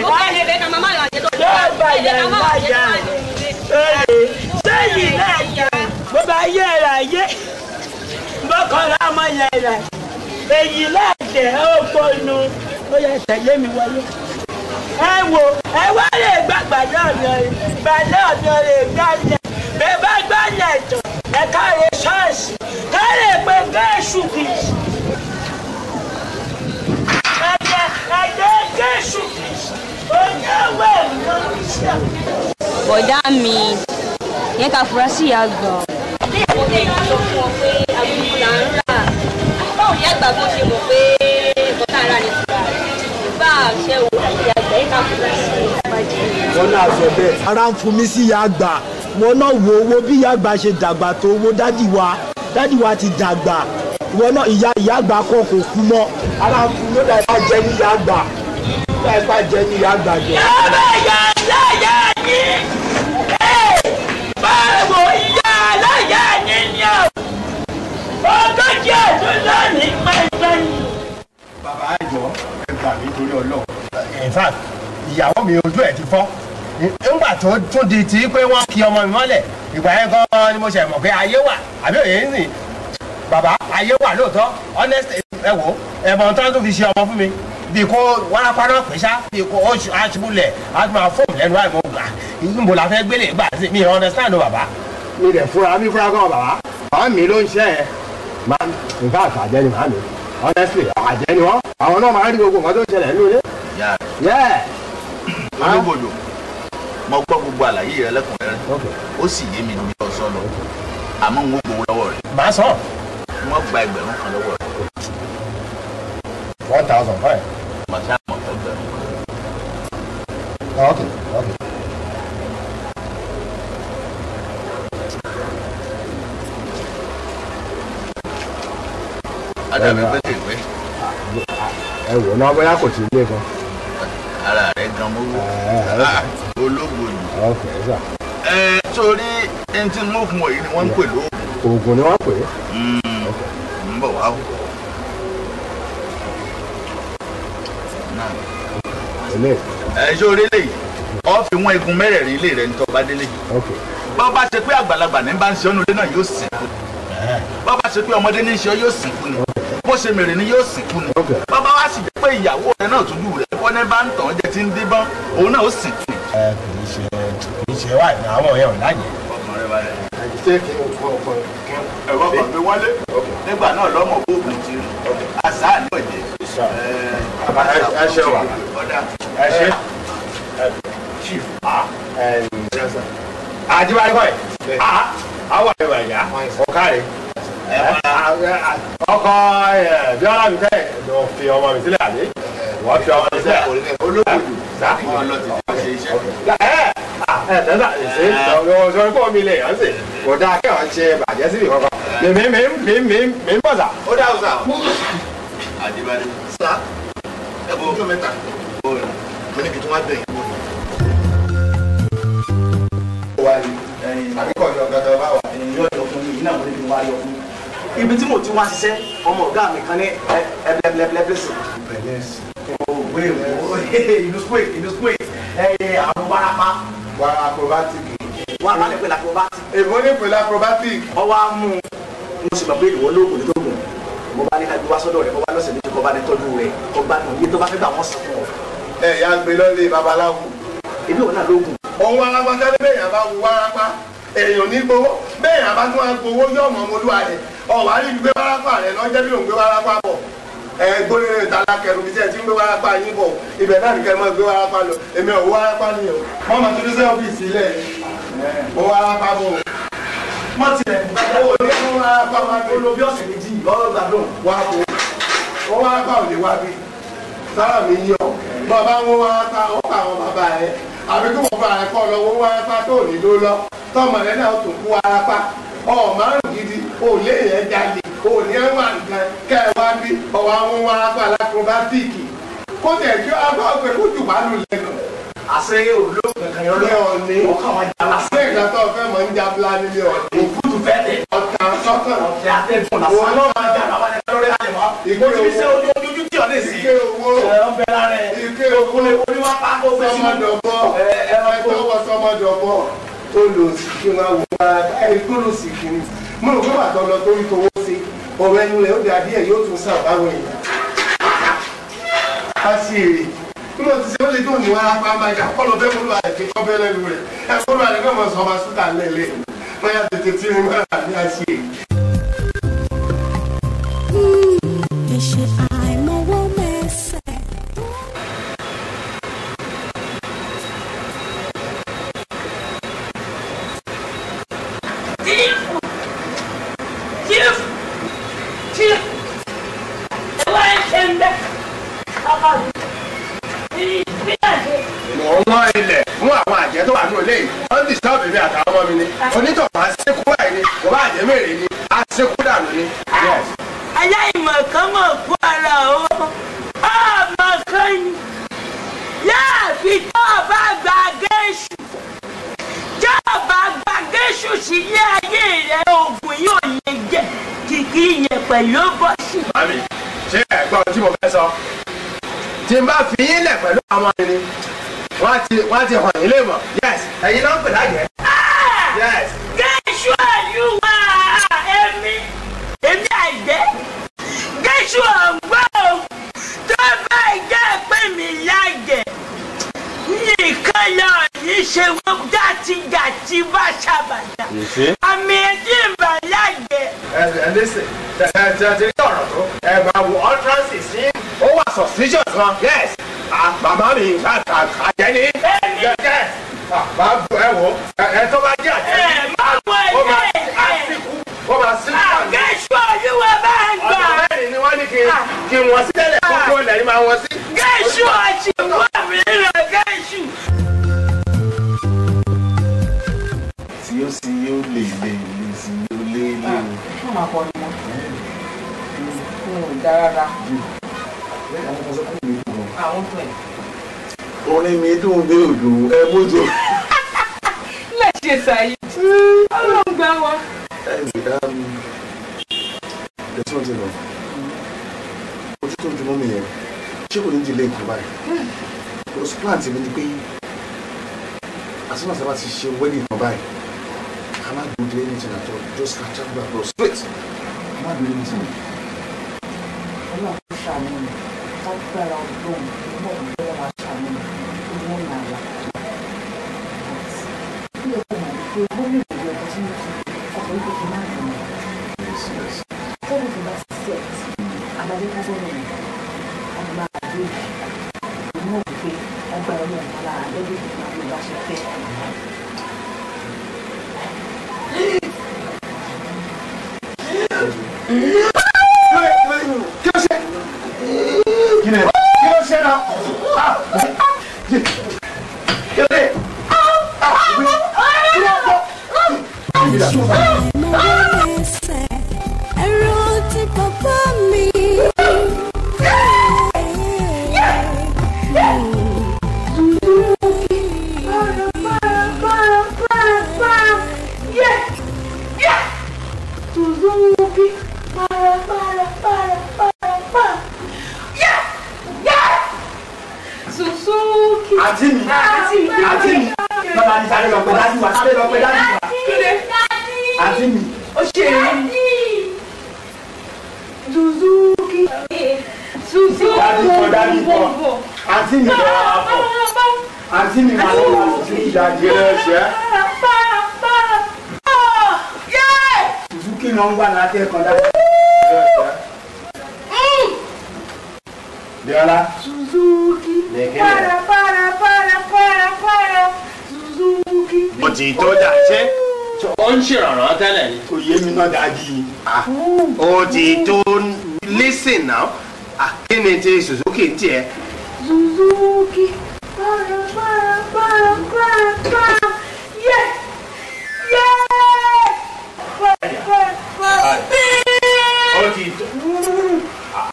yóò bàyà láàjà èyí sẹ́yìn láàjà bàbá yẹ láàyè bọ́kànlá ọmọ yẹ èyí láàjẹ ó pọnu ó yẹ tẹ̀lé mi wọlé. ẹ wo ẹ wá lè gba gbàdé ọ̀nà gbàdé ọ̀nà lè gbà yẹn bẹ́ẹ̀ bá gbà yẹn jọ ẹ káre ṣọ́ọ̀ṣì káre pé géṣù kì í. ẹ̀jẹ̀ ẹ̀jẹ̀ géṣù kì í ojú ẹ̀wẹ̀ ló ń ṣe. bọ̀dá mi yẹn ká fura sí ìyá gan. bí àwọn ọmọ sọ fún ọ pé àbúrò là ń rà báwo ni àgbà ṣe mọ̀ pé wọn náà sọ bẹ́ẹ̀. ara ń fún mi sí ìyá àgbà wọn náà wo owó bí ìyá àgbà ṣe dàgbà tó owó dádì wa dádì wa ti dàgbà wọn náà ìyá ìyá àgbà kọ kò kú mọ́ ara ń fún mi ó jẹ ní ìyá àgbà ó dà jẹ ní ìyá àgbà jẹ. yàrá ìyá ìyá yìí báwo ìyá aláya ni ni ọ ọgọ́jì ọdún lónìí pẹ̀lú. bàbá àjọ gbà mí torí ọlọ́run in fact ìyàwó mi ojú ẹ̀ ti fọ́ nígbà tó tún di tí pé wọ́n kì ọmọ mi mọ́lẹ̀ ìgbà yẹn gan ni mo ṣe mọ̀ pé ayé wà àbí òye ń sìn bàbá ayé wà lóòótọ́ honest ẹ wò ẹ̀bọ̀n tó tún fi ṣe ọmọ fún mi bí kò wárápá náà pèsè bí kò oṣù aṣubúlẹ̀ àtúmọ̀ fóònù lẹ́nu àìmọ̀ gbà níbo la fẹ́ gbélé gbà sí mi understand bàbá. mi rẹ̀ fúra mi fúra gan bàbá màá mi ló ń ṣe ẹ̀ máa ń fà àtàjẹ́ ni màá mi honestly àjẹ́ ni wọ́n àwọn náà máa ń rí gbogbo nǹkan tó ń ṣẹlẹ̀ lóde. olúgbòdò ah. mo gbọ́ gbogbo àlàyé rẹ lẹ́kùnrẹ́rẹ́ ó sì yé mi bí ọ̀sán lọ àmọ́ n one thousand five. màtí àmọ̀ adàbí pé kò pé. ẹ wò náà bóyá kò sí ilé kan. ara rẹ gan mo wò olóògùn yìí. ẹ torí ah, ẹni tí mo fún ọ yìí ni wọ́n ń pè lóògùn. oògùn ni wọ́n pè é. Hmm, ń bọ̀ wá wò. ẹ ṣe orí lè ọ fi wọn igun mẹ́rẹ̀ẹ̀rin ilé rẹ ní tọba délé bá bá ṣe pé àgbàlagbà ní bá ń ṣe ọ́nù ilé náà yóò sìnkú bá bá ṣe pé ọmọdé ní í ṣe ọ yóò sìnkú ni bó ṣe mèrè ni yóò sìnkú ni bàbá wa sì jẹ́ pé ìyàwó rẹ̀ náà tójú rẹ̀ wọ́n bá ń tàn án jẹ́ tí ń dín òun náà ó sìnkú ni. ẹ kì í ṣe kì í ṣe wà ní àwọn ọ̀yẹ́ ọ̀láyè. ẹ̀rọ kan mi wọlé nígbà náà lọ́mọ bóògùn ti rí àṣà àníọ̀jẹ̀. ẹ ṣe wà ẹ ṣe chief àjíbárí kọ́ ẹ̀ àwọn àgbẹ̀ bàjá ọ̀kárẹ̀ ọkọ bí ọlá mi tẹ lọ fi ọmọ mi sílẹ̀ àbí wọ́n fi ọmọ mi sílẹ̀ olóògùn sá ẹ̀ẹ́dẹ́gbà ṣe ọ̀ṣọ́ ikú omi ilẹ̀ yẹn ṣe kò dáa kí ọ̀hún ṣe bàjẹ́ síbi kankan mi mi mi mi mi bọ̀ sá. ó dáhùn sá àdìbàdì sá ẹ bọ ọjọ́ mẹ́ta mo ní kí ọ̀gá tó ibi tí mo ti wá ṣiṣẹ́ ọmọ ọ̀gá mi kan ní ẹ̀blẹ̀blẹ̀blẹ̀blẹ̀sì. bẹ̀lẹ́sì. òwe ìlú square ìlú square àwọn warapa. warapa acrobatic. warapa lè pè la acrobatic. èbó lè pè la acrobatic. ọwọ́ á mú un mo sì mọ̀ pé ìwọ lóògùn ní lóògùn mo bá ní ká gbé wá sọ́dọ̀ rẹ̀ mo bá lọ́sẹ̀ méjì kọ́ bá ní tọ́jú rẹ̀ kọ́ gbá èèyàn ní gbowó bẹ́ẹ̀ yàn tún wá gbowó yọ̀ ọmọ rẹ̀ ọ̀wá rí gbé wárápá rẹ lọ́jọ́ bí òun gbé wárápá bọ̀ ẹ gbóríire ìtàlákẹrù bíi tí ẹ ti ń gbé wárápá yín bọ̀ ibẹ̀ náà nìkan mọ́ gbé wárápá lọ èmi ò wárápá ni o wọ́n máa tún sẹ́ ọ́fíìsì ilẹ̀ mo wárápá bọ̀ o. wọ́n tiẹ̀ owó ní kí wọ́n wárápá máa tó lo bí ọ̀sẹ̀ méjì lọ́rọ̀ gbàdúrà wá kó wọ́n wárápá ò lè wá bí sára mi yí ọ̀ bàbá ń wó wá ta ó pa àwọn bàbá rẹ àbí kí wọ́n fara kọ́ lọ wó wá ta tó ní ló lọ tọmọ rẹ náà tún kú ara pa ọ márùn gidi ò lè yẹ jalè ò ní ẹ wà nǹkan kẹ ẹ wá bí ọwọ́ àwọn wá pa lákùnrin bá tíìkì kó tẹ̀ tí ó bá kó jù bá lulẹ̀ lọ àṣeyẹ òlò kankan yọ lọ́wọ́ ọkàn wọn jà lásán. ṣé ìgbà tó o fẹ́ mọ̀ ń jà bla nílé ọ̀dọ́. òkútu fẹ́ tẹ̀. ọ̀tà sọ́kàn. ọ̀tẹ̀ àtẹ̀gùn lásán. wọ́n máa jà lọ́wọ́ ní lórí àlẹ́ mọ́. ìgbèrò owó ìṣe ojú tí ọ̀lẹ́ sí. ìgbèrò owó ọ̀bẹ lára ẹ̀. ìgbèrò owó oníwà pákó fẹ́ sí. sọmọdọ̀bọ ẹ̀ẹ́dọ́wọ́ sọmọdọ̀bọ tó lò sí kí wọ́n wò wá ẹ̀ẹ́dọ́rọ̀ sì kì mo ti ṣe ó lè dùn ní wàrà pàmbájà kọlọ bẹ́ẹ̀ múlò àìsí kọ́ bẹ́ẹ̀ lẹ́nu rẹ̀ ẹ fúnra rẹ̀ náà mọ̀ sọ ma lẹ́lẹ́ wọ́n yà tètè tí mo rà ní àṣì Thank you ìwọ̀n ilẹ̀ fún àwọn àjẹ́ tó wà ní olè yìí wọ́n ti sọ́ọ̀bù mi àtàwọn ọmọ mi ni onítọ̀pọ̀ àṣekú báyìí ni bàbá àjẹ́ ni àṣekú dànù ni. aláìmọ̀ kan mọ̀ kú ara o ọmọ kan ni láàfin tó o géṣù tó o bá gba géṣù ayé rẹ oògùn yóò lè jẹ kìkì yẹn pẹ̀lú òb n bá fi yín lẹ̀ pẹ̀lú àwọn rere wọ́n ti hàn yín lè mọ̀ yes ẹ̀yin náà ń pè lájẹ́. things. I dùn dé òdò ẹ mójú. lẹ́sẹ̀ sàyí ọlọ́run gbá wa. Um, ẹ tí wọ́n ti lọ ojú tó ń dùn mọ́ mi yẹn ṣé kò ní di ilé nǹkan báyìí o sì plant mi ni pé àtúnṣe àbá ti ṣe wẹ́ẹ̀dì nǹkan báyìí a máa gbọ́n dé just catch up back bro straight a máa gbọ́n dé ní ìtàn. ọlọ́run ṣàmì tágbára ọdún. àti mi àti mi lọ́la ní sáré lọ́pẹ́ dájú wa sáré lọ́pẹ́ dájú wa àti mi. ó ṣe é Suzuki Suzuki Volvo àti mi lọ́wọ́ àpọ̀ àti mi máa lọ́wọ́ Suzuki dájú ẹ̀ ṣẹ́. Suzuki náà ń gbà láti ẹ̀kọ́ dájú. Mm. Bíọ́lá. Suzuki. Nìkíni. ṣe tó dà ṣẹ́. ó ń ṣèrànràn tẹ́lẹ̀ ni. kò yé mi náà dájú ni. ó ti tó listen now kí ni ti Suzuki ń tiẹ̀. Suzuki para yẹ yẹ para para para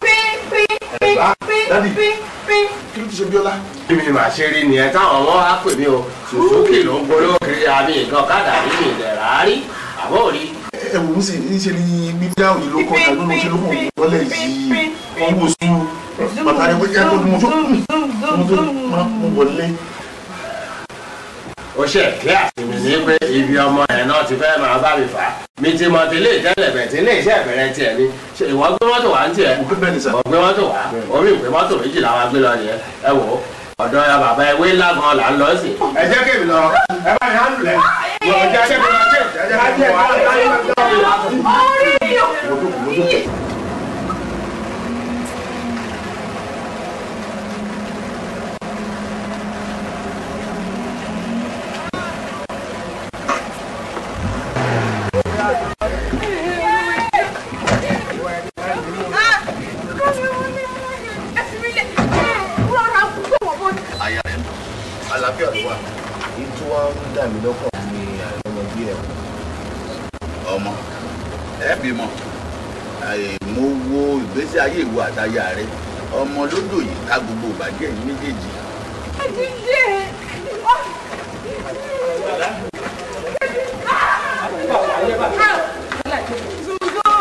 pín pín pín pín pín pín pín kí ló ti ṣe bíọ́lá. èmi ni màá ṣe rí nìyẹn táwọn wọn á pè mí o sòsókè ló ń gbóló kiri àbí nǹkan káàdà rí mi ìdẹ̀rà rí àbọ̀ rí. ẹ wò ó sì ń ṣe ní gbígbá òní ló kọ́ ọ̀dà lónìí ṣe ló kọ́ ìwọlẹ̀ yìí wọ́n wò sún bàtà ẹgbẹ́ kẹ́kọ̀ọ́ ni mo tó mo wọlé ó ṣe clear mi ní pé ibi ọmọ yẹn náà ti fẹ́ máa bá mi fà á mi ti mọ tẹ́lẹ̀ tẹ́lẹ̀ bẹ̀ tẹ́lẹ̀ iṣẹ́ ìbẹ̀rẹ̀ tiẹ̀ ni ìwọ gbé mọ́tò wá ń tiẹ̀ ọ̀gbé mọ́tò wá orí ìgbé mọ́tò méjìlá wa gbé lọ yẹn ẹ wò ó ọ̀dọ̀ ya bàbá ewé lágan là ń lọ sí. ẹ jẹ́ kí èmi lọ ẹ bá yà á lulẹ̀ lọ jẹ́ kí èmi lọ jẹ́ ìjẹ́jẹ́ kí èmi lọ. àlàáfíà ló wà. èyí tí wọ́n ń dà mí lọ́kàn ní àìlọ́mọ bí ẹ̀ ọmọ ẹ bímọ mo wo ìgbésí ayé ìwọ àtayà rẹ ọmọ lódò yìí ká gbogbo ìbàjẹ́ yìí méjèèjì.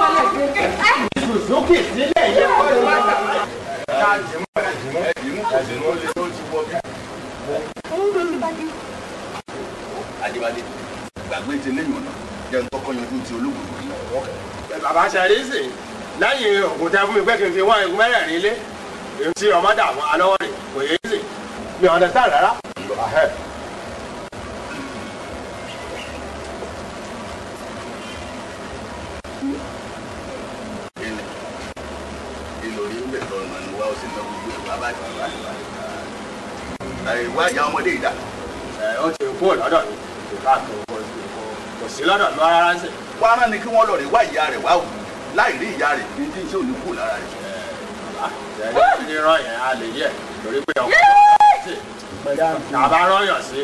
àdìjẹ́ sókè sílẹ̀ yẹ kọ́ ló wá. Adébádé. Adébádé gbàgbé ti lẹ́yìn ọ̀nà jẹ́ ntọ́kọ́ yanjú ti olóògùn yìí. bàbá sáré sè láyé ògùn tẹ fún mi pé kí n fi wọ́n egun mẹ́rẹ̀ẹ̀rin ilé èyí tí ọmọ dà wọ́n alọ́wọ́ rẹ̀ kò yé sè mi ò ọ̀dẹ̀ sáà rárá. ìwádìí àwọn ọmọdé ìdá kúrò lọ́dọ̀ mi kò kò sí lọ́dọ̀ mi rárá sí. wá rán ni kí wọ́n lọ rè wá ìyá rẹ̀ wá wù láì rí ìyá rẹ̀ ní tí ń ṣe òní kù lára rẹ̀. bàbá ní rán yẹn a lè yẹ torí pé ọkọ tàbá rọyàn sí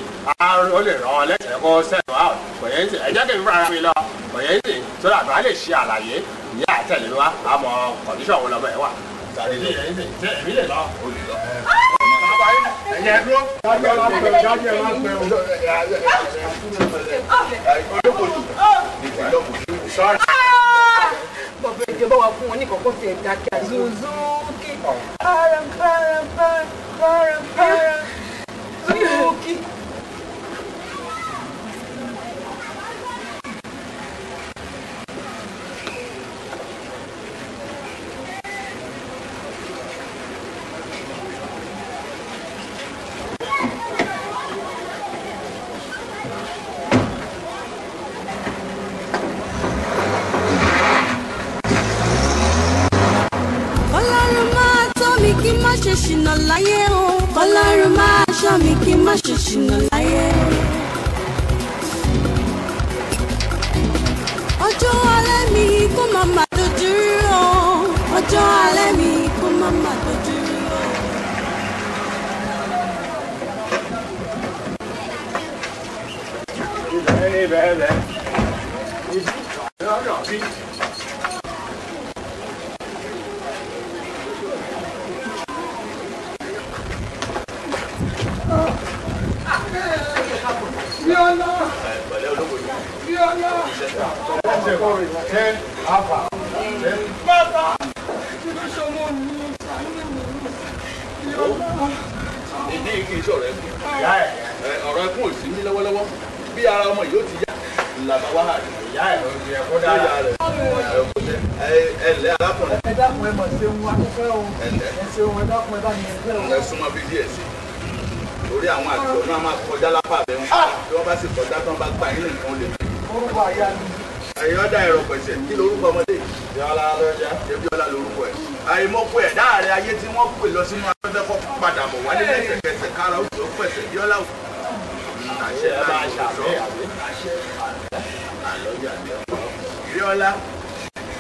ó lè ràn án lẹ́sẹ̀ kó sẹ́nu àwọn kò yẹn sì ẹ̀jẹ̀ kì í fara mi lọ kò yẹn sì tó dàgbà lè ṣe àlàyé ìyá àtẹ̀lé wa àmọ́ kọ̀díṣọ̀ wo lọ́mọ ẹ̀ wà. tàbí yẹn sì tẹ̀ mí lè lọ ẹ̀yẹ dúró dájú ẹ̀ máa pẹ̀ o dájú ẹ̀ máa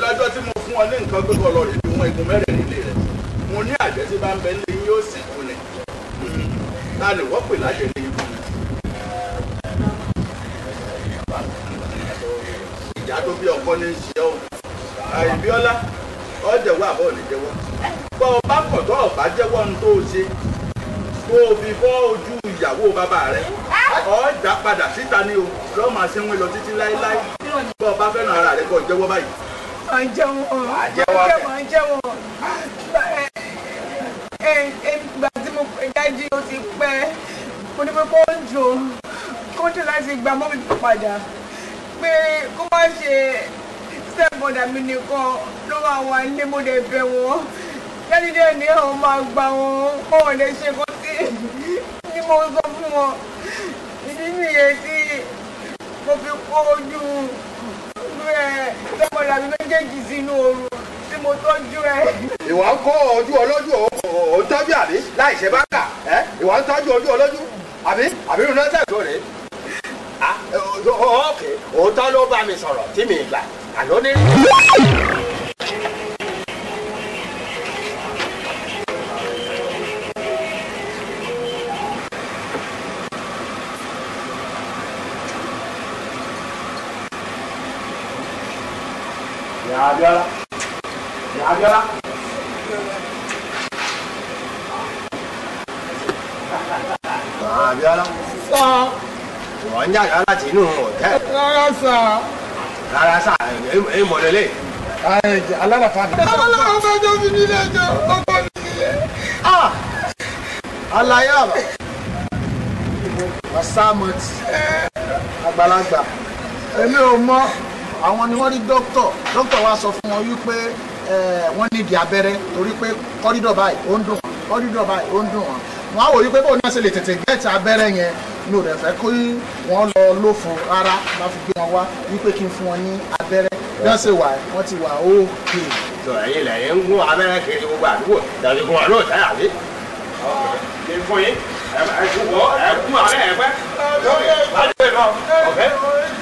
lọ́jọ́ tí mo fún ọ ní nǹkan gbogbo ọ̀rọ̀ rẹ̀ ìwọ̀n igun mẹ́rẹ̀ nílé rẹ̀ mo ní àjẹ́ tí bá ń bẹ ní yín ó sì kú ni ta ni wọ́n pè lájẹ́ ní ikú ni. ìjà tó bí ọkọ ní í ṣe ọ àìbíọ́lá ọ jẹ́wọ́ àbọ̀ ní jẹ́wọ́ bọ́ ọ bá pọ̀ ọ̀bá jẹ́wọ́ ní tó o ṣe kó o fi bọ́ ojú ìyàwó bàbá rẹ̀ ọ dá padà síta ni o lọ́ọ́ máa ṣe ń lọ títí láéláé bọ́ ọ bá fẹ́ràn ara rẹ̀ kọ́ jẹ́wọ́ báyìí à ń jẹ wọn à ń jẹ wọn à ń jẹ wọn ìgbà tí mo pè dájú o ti pẹ́ mo ní pé kó ń jò kó ń jò láti gba mọ́mí padà pé kó má ṣe stepmother mi nìkan ló máa wà nílé mo dẹ̀ bẹ̀ wọ́n dájúdé ni àwọn máa gba wọn wọn ò lè ṣe kó tí ní mo sọ fún wọn ìdí nìyẹn tí mo fi kó ojú ẹ tọmọdà mi méjèèjì sínú ooru tí mo tọ́jú ẹ. ìwà ń kọ́ ojú ọlọ́jú òun tọ́jú àbí láì ṣe bá kà ẹ́ ìwà ń tọ́jú ojú ọlọ́jú àbí àbí ìrùnà tẹ̀sán rẹ̀ ókè òótọ́ ló bá mi sọ̀rọ̀ tí mi gbà àlọ́ nírí. Abíọ́lá Abíọ́lá. Abíọ́lá. Sọ. Wọ́n ń jáde láti inú hòtẹ́ẹ̀lì. Rárá sà. Rárá sà, èyí mọ̀ lélẹ̀. Alárafa mi. Ọlọ́run bá jọ fi nílé ẹjọ́, ọkọ mi nílé. Alayé àbá. Wàsámọ̀tì. Àgbàlagbà. Èmi ò mọ̀ àwọn ni wọ́n rí dókítọ̀ dókítọ̀ wa sọ fún wọn wípé wọ́n ní ìdí abẹ́rẹ́ torí pé kọ́rídọ̀ báyìí ó ń dùn wọn kọ́rídọ̀ báyìí ó ń dùn wọn wọn á wò wípé bóun náà ṣe lè tètè gẹ́ẹ̀tì abẹ́rẹ́ yẹn mi ò dẹ̀ fẹ́ kí wọ́n lọ lófo rárá bá fi gbé wọn wá wípé kí n fún wọn ní abẹ́rẹ́ bí wọ́n ṣe wà wọ́n ti wà ókè. sọ̀rọ̀ yìí lẹ́yìn ń gún abẹ́rẹ́ kiri gbogbo àdúgbò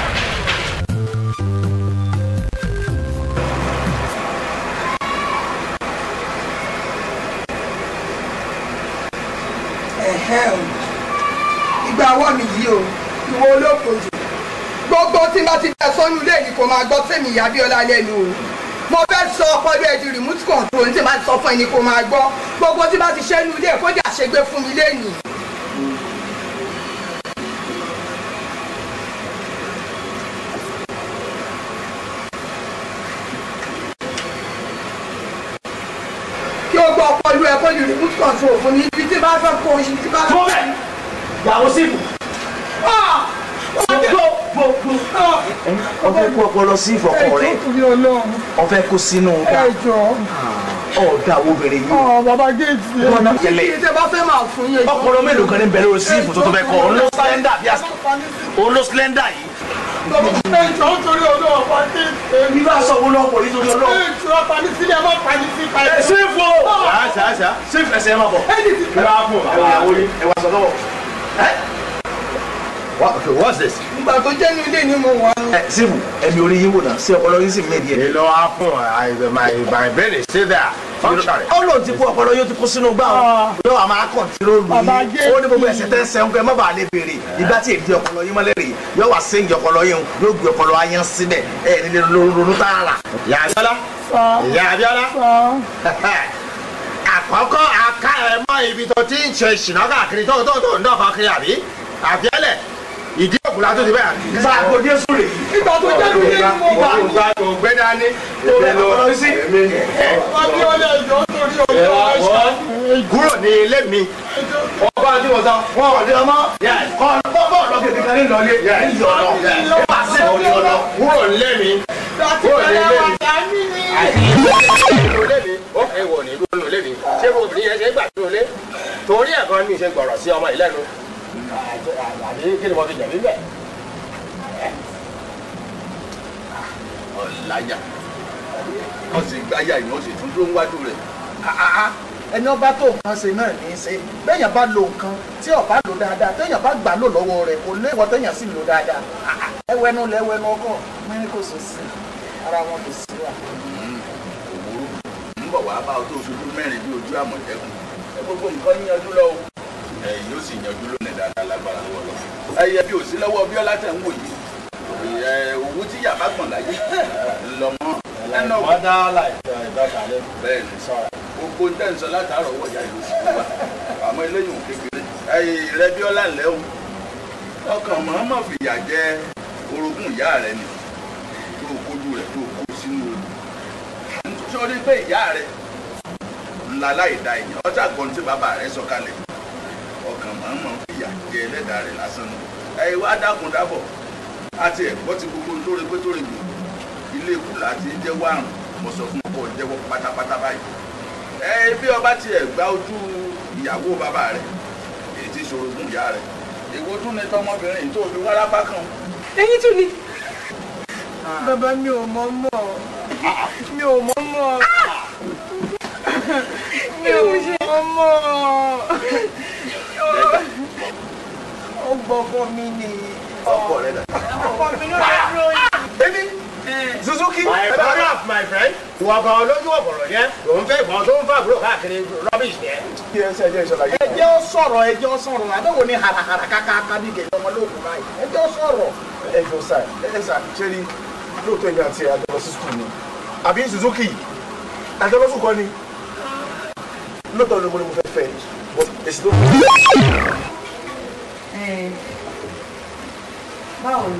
ìgbà ọwọ́ mi yìí o ìwọ olókojò gbogbo tí n bá ti bẹ sọ́nù ilé yìí kò máa gbọ́ sẹ́mi ìyá Abíọ́lá lẹ́nu o mo fẹ́ sọ ọpọlọ ẹ̀ di remote control ní tí n bá ti sọ fún ẹni kò máa gbọ́ gbogbo tí n bá ti ṣẹ́nu ilé kó jà ṣègbè fún mi lẹ́yìn. kọ̀tù òfin ní ibi tí bá ọpọlọ sí ìfọ̀kọ̀ rẹ̀ ó fẹ́ kó sínú ọgbà ah, ọ̀dà obìnrin yìí. ọ̀ ah, bàbá géètì yẹn. wọ́n náà ọpọlọ mélòó kan ní bẹ̀rẹ̀ òsì ìfòtò tó kọ́ òun ló yìí ìjọ ń torí ọdún ọ̀pá tí. èmi bá sọ wọn lọ pọ̀lì torí ọdún. ìjọ ọ̀pá ní sílẹ̀ má pa ní sí pa. ṣé fo. ṣáṣáṣá ah. ṣé fẹsẹ̀ máa bọ̀. ẹni tí. ẹ bá fún ọ àwọn ìyàwó yín ẹ wá sọ lọ́wọ́ what's this. ìgbà tó jẹ́ ní ilé ni mo wà. ẹ eh, síbù ẹ̀mí orí yín wò náà sí ọpọlọ yín sì méjì ẹ. èlò afún my brain ṣe dà fọ́nṣọ̀rẹ̀. ó lóun ti kú ọpọlọ ah. yóò ti kú sínú gbà wọn yóò àmà kọ̀ǹtíró lù yín ó ní gbogbo ẹ̀sẹ̀ tẹ́ ń sẹ́wọ́n kẹ́ má bàa lè béèrè ìgbà tí èdè ọpọlọ yín mọ́lẹ̀ rè yóò wá séǹgì ọpọlọ yín yóò gbé ọpọlọ ayán síbẹ̀ ẹ̀ nílé ronú tààrà. ìyá abiola ìyá abiola àkọ́kọ́ aká ẹ̀ mọ́ ibi tó ti ń ṣe ìṣìnà káàkiri tó tó tó ń dọ̀fà kiri àbí àbíẹ́lẹ̀ ìdí ọ̀kùnrin àti òṣèlú bẹ́ẹ̀. bá a kò dé sórí. ìgbà tó jẹ́ kí ẹni mo bá a. ìgbà tó gbẹ dání. tó lè lọ sí. ọdún ọlẹ́ ìjọ torí ọjọ́ àṣà. kúrò ní ilé mi. ọba àti wọ̀sán wọn ò dé ọmọ. bọ́ọ̀bù ọ̀lọ́kẹ̀ kíkan ní ìlọlé. ìjọ lọ. pàṣẹ òjò lọ. kúrò ní ilé mi. kúrò ní ilé mi. ó kẹ́ ìwọ ní ìlú olóòlé mi. ṣé mo bìí ẹ ṣe gbàdúrà lé. torí ẹ̀kan mi ṣe gbọ̀rọ̀ sí ọmọ ìlẹ́nu àbí ah, ah, ah. ẹni ọba tó nǹkan ṣe náà ní í ṣe bẹ́ẹ̀yàn bá lo nǹkan tí ọba lò dáadáa téèyàn bá gbà lò lọ́wọ́ rẹ̀ kò léwọ́ téèyàn sì lò dáadáa ẹwẹ́nu lẹ́wẹ́nu ọkọ̀ mẹ́rin kò sọ sí ara wọn kò sí wa. òwúrò hmm, ń bọ̀ wá bá ọ tó ṣojú mẹ́rin bí ojú àmọ̀tẹ́kùn ẹ gbogbo nǹkan yíyanjú lọ́wọ́ ẹ̀yìn ó sì yanjú lónìí dáadáa lágbára lọ́wọ́ lọ. ẹyẹ bí òsí lọ́wọ́ Bíọ́lá tẹ̀ ń wò yìí ẹ òwú tí yàrá kàn láyé lọ́mọ. ẹnà wà dá láìpẹ́ ìdákàlẹ́. bẹ́ẹ̀ni gbogbo ń tẹ̀sán látàárọ̀ wọ̀jà ìlú sí wa àmọ́ eléyìí òun kékeré ẹyẹ rẹ Bíọ́lá lẹ́ o ọkàn mọ̀ọ́mọ̀ fìyà jẹ orogún ìyá rẹ ni tó o kojú rẹ tó o kó sínú olú nítorí pé ìyá rẹ ńlá láì da ìyẹn ọjà gbọ́n tí bàbá rẹ sọ kalẹ̀ ọkàn máa ń mọ̀ fìyà jẹ ẹlẹ́dàá rẹ̀ lásán nù ẹ wá dákun dábọ̀ àti ẹ̀kọ́ ti gbogbo lórí pé tó rè gbò ilé ikú láti jẹ́wọ́ àrùn mọ̀ sọ fún ọkọ̀ jẹ́wọ́ pátápátá báyìí ẹ bí ọba tiẹ̀ gba ojú ìyàwó bàbá rẹ̀ èyí ti ṣòro fún ìyá rẹ̀ èwo tún ni tọmọbìnrin tó fi wárápá kan. ẹyin tún ni ah. bàbá mi ò mọ̀ mọ̀ mi ò mọ̀ mọ̀ ah. mi ò mọ̀ mọ̀ ó gbọ́kọ́ mi ni. ọkọ rẹ dà. Suzuki ẹ my friend ìwà ọba olójú ọ̀bọ̀rọ̀ yẹn òun fẹ́ ìbọn tó ń fà búrò káàkiri rubbish yẹn. Yes, yes, ṣe ẹjẹ ìṣọlá yìí. ẹjẹ I don't want ó sọ̀rọ̀ àbẹ̀wò ni harakara kákáká bí gẹ̀ẹ́dẹ́ ọmọlóògùn báyìí ẹjẹ ó sọ̀rọ̀. ẹ jọ sá ẹ sá ṣe rí lóòótọ́ ìgbà I don't want to sí you. ni àbí Suzuki àjọlọ́sùn kọ́ ni uh, lóòótọ́ ni mo ní mo fẹ́ fẹ́ But it's no. Báwo ni?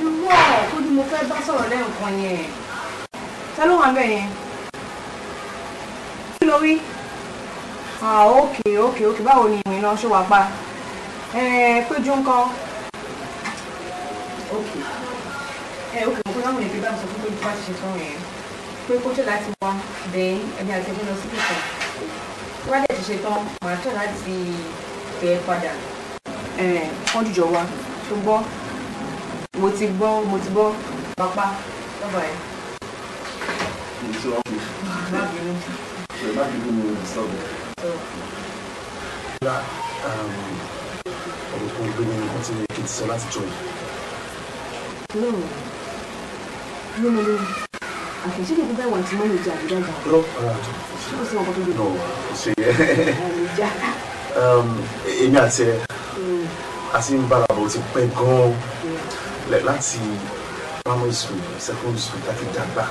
Irú ọ̀rọ̀ tó ní mo fẹ́ bá sọ̀rọ̀ lẹ́ǹkan yẹn. Ta ló wà ń bẹ̀ yẹn? Kí ló wí? Ah, ókè ókè ókè báwo ni ìrìn náà ṣe wà pa? eh ńkan. Ókè. Ẹ ókè mo kó láwọn èdè bá mi sọ fún pé bá ti ṣe tán yẹn. Pé kó ṣe láti wá bẹ́ẹ̀ ẹni àti ẹgbẹ́ lọ sí kìkan wá dẹ̀ ti ṣe tán màá tọ̀ láti bẹ̀ padà. wọ́n dìjọ wa tó gbọ́ mo ti gbọ́ mo ti gbọ́ pápá lọ́bàá yẹn. mo ṣe wá fún un. má bínú. má bínú mo rẹ̀ sọ̀rọ̀. ọ̀la ọ̀rọ̀ kan gbé Okay, she didn't want to manage that, did No, she was not going to No, she. um, èmi àti ẹ àti mm. ń bára bọ̀ ti pẹ́ gan-an láti primary school secondary school láti dàgbà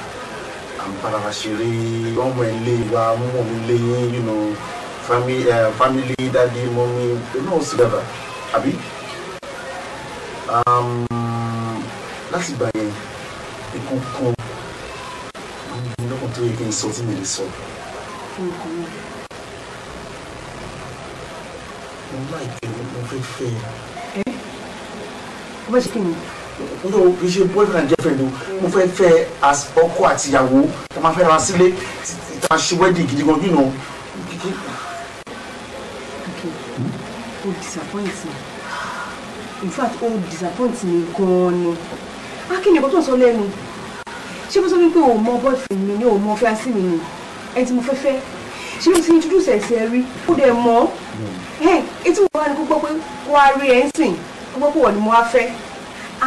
à ń bára wa ṣeré ọmọ ilé wa mọ̀ mi lẹ́yìn you know family uh, family daddy mommy you know together àbí um, láti gbà yẹn ikú kan tó yẹ kí n sọ tí mi lè sọ. mo máa jẹ mo fẹ́ fẹ́ ẹ. ọ bá ṣe kí ni. nítorí o boyfriend and girlfriend o mo fẹ́ as ọkọ àti ìyàwó tá a máa fẹ́ ra sílé tá a ṣe wedding gidi gan jùlọ. o disappoint me in fact o disappoint me gan-an ni. akínyẹ̀kọ́ ah, tó ń ṣé mo sọ wípé o mọ bọ́ọ̀sì mi ni o mọ fẹ́ sí mi ni ẹni tí mo fẹ́ fẹ́ ṣé mo ti introduce ẹ̀ sí ẹ rí ó dẹ̀ mọ́ ẹ etí mo wá ní gbogbo pé wọ́n á rí ẹ̀ ń sìn gbogbo pé wọ́n ni mo wá fẹ́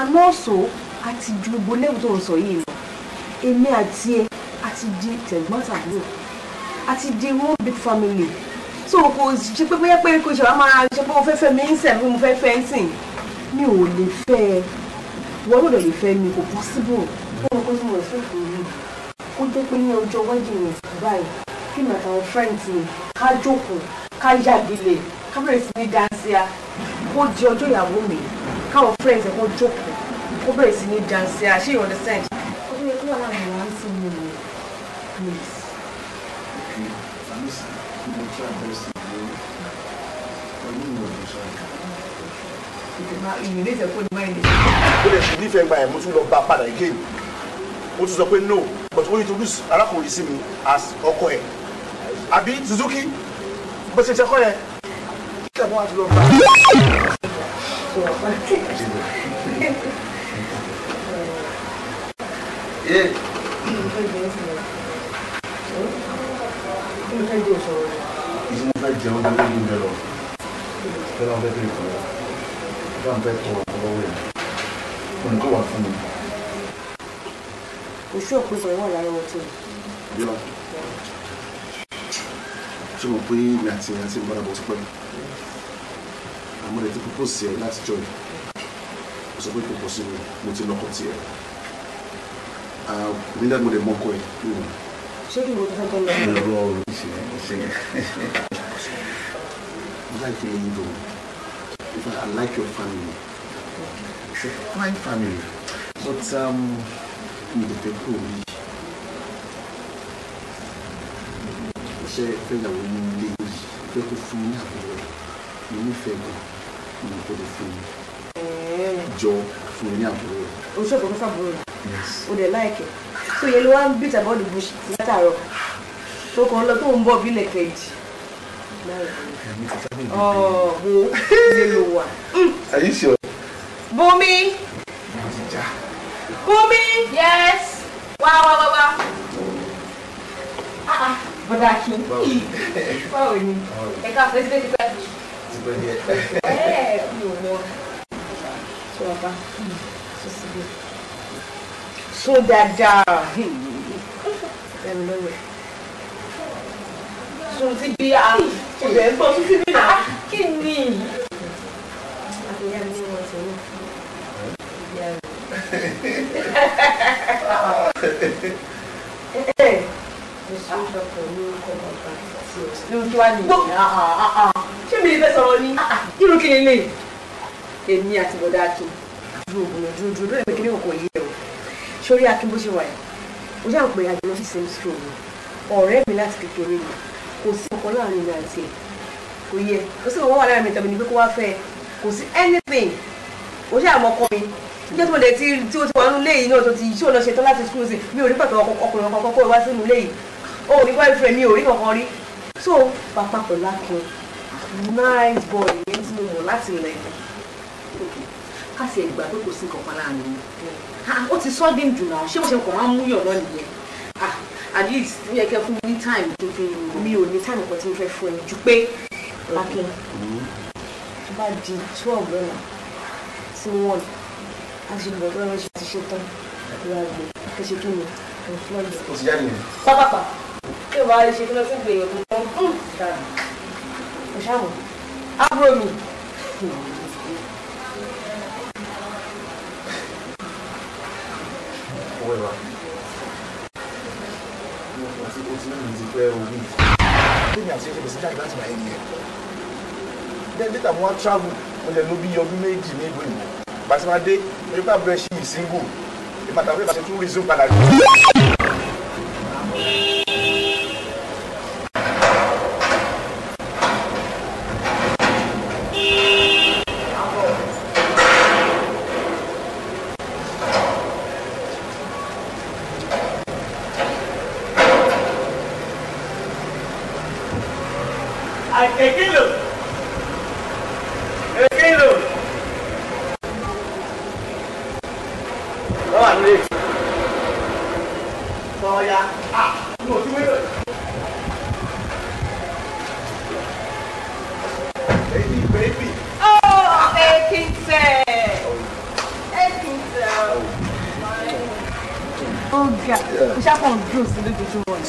àná ọ̀sọ́ àti ju gbogbo lẹ́wù tó ń sọ yìí nù èmi àti ẹ àti di tẹ̀gbọ́n-tàbúrò àti di one big family so kò ṣe pé bóyá pé kò ṣe wá máa ṣe pé mo fẹ́ fẹ́ mi ń sẹ̀ fún mo fẹ́ fẹ́ ń sìn mi ò lè fẹ́ ẹ wọ́n lè fẹ́ mi kò possible fún ọkọ tí mo sọ fún mi kó jẹ́ pé ní ọjọ́ iwájú mi báyìí kí màá tàwọn friends ká jókòó ká yàgìlẹ̀ ká bẹ̀rẹ̀ sí ní dáńsíá kó di ọjọ́ ìyàwó mi káwọn friends kó jókòó kó bẹ̀rẹ̀ sí ní dáńsíá ṣé you understand. ó yẹ kí wàhálà mi wá sí mi o please. okay i miss you mo try best to ó lè ṣe nífẹ̀ẹ́ gba ẹ̀ mo tún lọ bá padà again ó tún sọ pé no but ó introduce arákùnrin sí mi as ọkọ ẹ̀ àbí Suzuki bó ṣe ṣe kọ́ yẹn. kí ló wá ti lọ bá ìsúnmọ́ fẹ́ jẹun ní orí ìlú bẹ̀rọ̀ bẹ́ẹ̀ náà fẹ́ fi ìkọ̀ọ́ bá ń fẹ́ tọrọ ọ̀rọ̀ wẹ̀ fún ìkọ̀wà fún mi oṣù òpinzọ ìwọ ìlàrọwọ tó. bíọ́lá ṣé mo pé mi àti ẹ̀yà ti ń bára bọ̀ sípẹ́ mi àmọ́ rẹ̀ ti propose sí ẹ láti jọ yìí mo sọ pé kò pọ̀ sí mi mo ti lọ́kọ̀ tiẹ̀ nígbà tí mo lè mọ ọkọ ẹ lóhùn. ṣé kí n kò tó fẹ́ tó lọ. ẹ̀rọ ọ̀rọ̀ ìṣẹ̀yìn ìṣẹ̀yìn. mo láìpẹ́ yín tó in fact I like your family. Okay. Fine family. But um, mi lè fẹ́ kúrò níyì iṣẹ́ fẹ́yàwó mú ilé yìí fẹ́ kó fún mi ní àbúrò mo nífẹ̀ẹ́ bush ti látàárọ̀ tó kàn lọ tó ń bọ̀ bílẹ̀ kejì. ọ̀ọ́ wo Are you sure? Bumi. Bumi. Yes. Wá wá wá wá. Ah, ah. Bọ́dá Akin. that's ni? Ẹ ká fẹ́ síbẹ̀ síbẹ̀. Síbẹ̀ díẹ̀. Ẹ mi so lọ. Sọ bàbá. Sọ síbẹ̀. Sọ dáadáa. Bẹ́ẹ̀ni hmm. lọ́wọ́. Sọ ti bí a. Ah, Ìbẹ̀ ń bọ̀ sí síbí náà. Kí ni? ṣé mi fẹ́ sọ̀rọ̀ ni irú kí ni lè èmi àti bọ̀dá akin dúró ògùn náà dúró dúró lórí mi kí ni òkò yìí o sórí akin bó ṣe wà yìí mo ṣáà ń pè àjọ lọ sí same school mi ọ̀rẹ́ mi láti kékeré mi kò sí ọkàn láàrin mi àti ẹ̀ kò yẹ kò sí ọkàn wà láàrin mi tàbí ni pé kó wá fẹ́ kò sí anything mo ṣáà mọ ọkọ mi nígbà tí mo dẹ̀ ti tí o ti wà nínú ilé yìí náà tó ti ṣó lọ ṣe tán láti school sí mi ò rí pàtó ọkùnrin kankan kó wá sínú ilé yìí o ò ní boyfriend mi ò rí kankan rí so Papa, pẹ̀lú akin nice boy yẹn tí mo mọ̀ láti ilẹ̀ káṣí ẹgbàá pé kò sí nǹkan kan láàrin mi ó ti sọ́ dé jù náà ṣé mo ṣe kàn máa mú yọ̀ náà nìyẹn at least ó yẹ kẹ́ fún ní time tó fi mi ò ní time kan tí mo fẹ́ fún ẹ ju pé akin mm-hmm. tó bá di twelve lọ́la sí one a ṣe bọ̀ lọ́wọ́ ṣe ti ṣe tán àdúrà gbé kí ṣe kí ni kò fún ọ̀dọ̀. o ti jáde nìyẹn. pápápá kí o bá lè ṣe kí lọ sí gbèyàn kò mọ ń dára kò ṣàmù ábúrò mi. owó ìwà mo ti o ti náà mi ti pẹ́ orí. kí ni àti ẹ̀ṣẹ̀ lè ṣe jáde láti máa yẹ nìyẹn. dẹ́n dẹ́ta mo wá travel mo lè lo bí ọdún méjì ní ìlú ìmọ̀. Basman dek, yo pa bre chi mi singou, e pata we pa se tou rezon panay.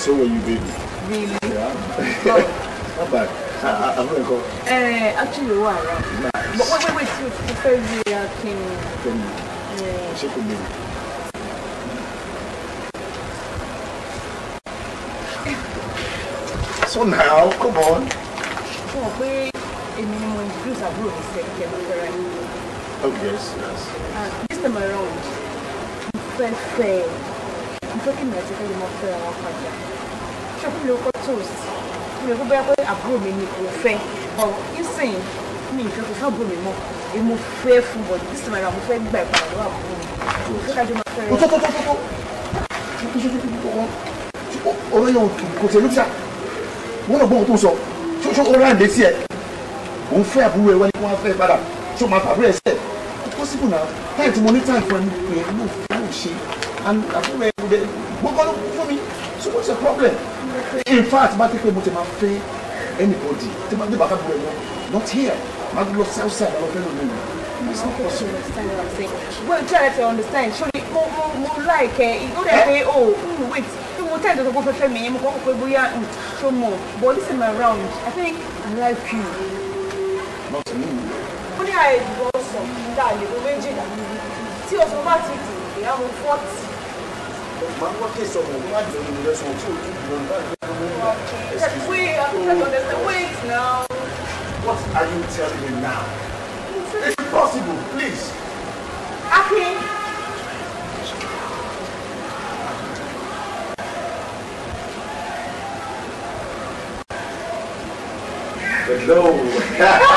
so were you baby. Really? Yeah. Oh. Not bad. I, am gonna go. Uh, actually, we around. Nice. But wait, wait, wait. first came. Came. Yeah. She could be. So now, come on. Come oh, on, wait. a minimum juice at room is taken, correct? Oh, yes, yes. Uh, this time around, perfect. pé kí nìyẹn ti fẹ́ lè mọ fẹ́ wọn padà ṣé kí ló kọ́ toast kí ló kọ́ bóyá pé àbúrò mi ni kò fẹ́ bọ̀ ìsìn mi ìfẹ́ kò fẹ́ àbúrò mi mọ́ èyí mo fẹ́ fún bọ̀ ìsìn mẹ́ra mo fẹ́ gbà ìpàdé lọ́wọ́ àbúrò mi mo fẹ́ kájọ máa fẹ́ rẹ. ọ̀rọ̀ yẹn kò tẹ̀lé sá wọ́n lọ gbọ́ ohun tó sọ ṣó ọ̀rọ̀ àǹdé sí ẹ̀ òun fẹ́ àbúrò ẹ̀ wọ́n ní kí wọ́n fẹ́ padà ṣó máa fàbúrò ẹ̀ sẹ́ẹ̀ possible now time tí mo ní time fún ẹ ní pé ló ṣe and àbúrò ẹ̀rù rẹ̀ gbogbo ló kún fún mi so what's the problem in fact má ti pé mo ti máa fẹ́ anybody tí máa ń débà kábíyèsí wọn not here má ti lọ south side àwọn fẹ́ràn mi. Okay, she understand what I'm saying. Well, try to understand. Surely, mo more. mo like eh. Ó dẹ̀ pé eh? oh hmm, wait mo tẹ́ ìdọ́tọ̀ kan fẹ́fẹ́ mi yẹn mo kọ́ pé bóyá so hmm, but this time around I think I like you. Not me. Ó ní àìbọ̀sọ̀ dáa lè lo méjìlá tí ọ̀sán bá ti dùn ìyá mo máa ń wọ́n kí sọ̀rọ̀ ní wájú ọ̀rọ̀ rẹ̀ sọ̀rọ̀ tí òkú ìlú ọ̀rọ̀ bá What are you telling me now? It's impossible, please. Akin. Hello.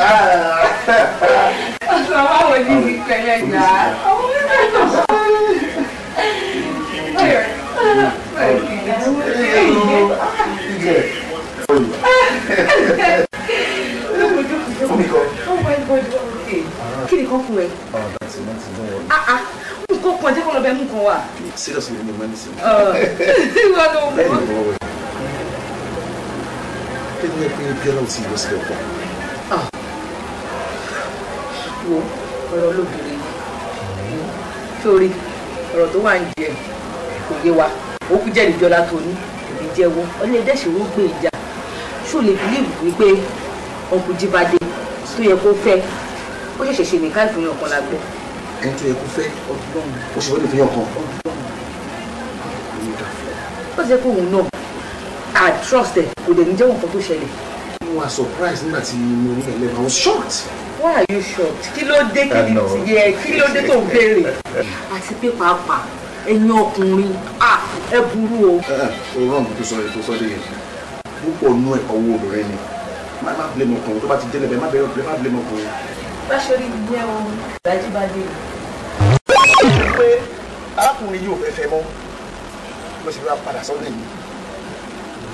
Ah. Ọ̀sán wa wò ní ìpẹ̀lẹ̀ gbà. Seriously, you need medicine. Oh. You want no more? Kí ni kí ni kí ló ti yọ sí ọkọ? Wo kò yé wa òkú jẹ́ ìjọra tó ní òbí jẹ́wọ́ ọlẹ́ dẹ́sẹ̀wó gbé ìjà ṣó bílíìbù wípé ọkùn jíbadé tó yẹ kó fẹ́ ó ṣẹ̀ṣẹ̀ ṣe nìkan ìfòyàn kan la gbọ́. ẹni tó yẹ kó fẹ́ ọdún oṣù wọlé ìfòyàn kan. ó ṣe kó òun náà i trust ẹ kò dẹ̀ ní jẹ́wọ́ nǹkan tó ṣẹlẹ̀. mo wà surprise nígbà tí mo rí ẹlẹ́nu i was shocked. why are you shocked kí ló dé kí ló dé tó ń béèrè àti pé pàápàá ẹ̀yin ọkùnrin ẹ burú o. ọ̀rọ̀ mi tó sọ èyí tó sọ lẹ́yìn púpọ̀ nú ẹ̀ ọwọ́ obìnrin ni má má blame ọkùnrin tó bá ti délẹ̀ bẹ́ẹ̀ má bẹ̀rẹ̀ má blame ọkùnrin. bá a ṣe rí ibi ẹ̀ wọn ìdájí bá dé. pé arákùnrin yóò fẹ́ fẹ́ mọ́ mo sì fẹ́ padà sọ́dọ̀ mi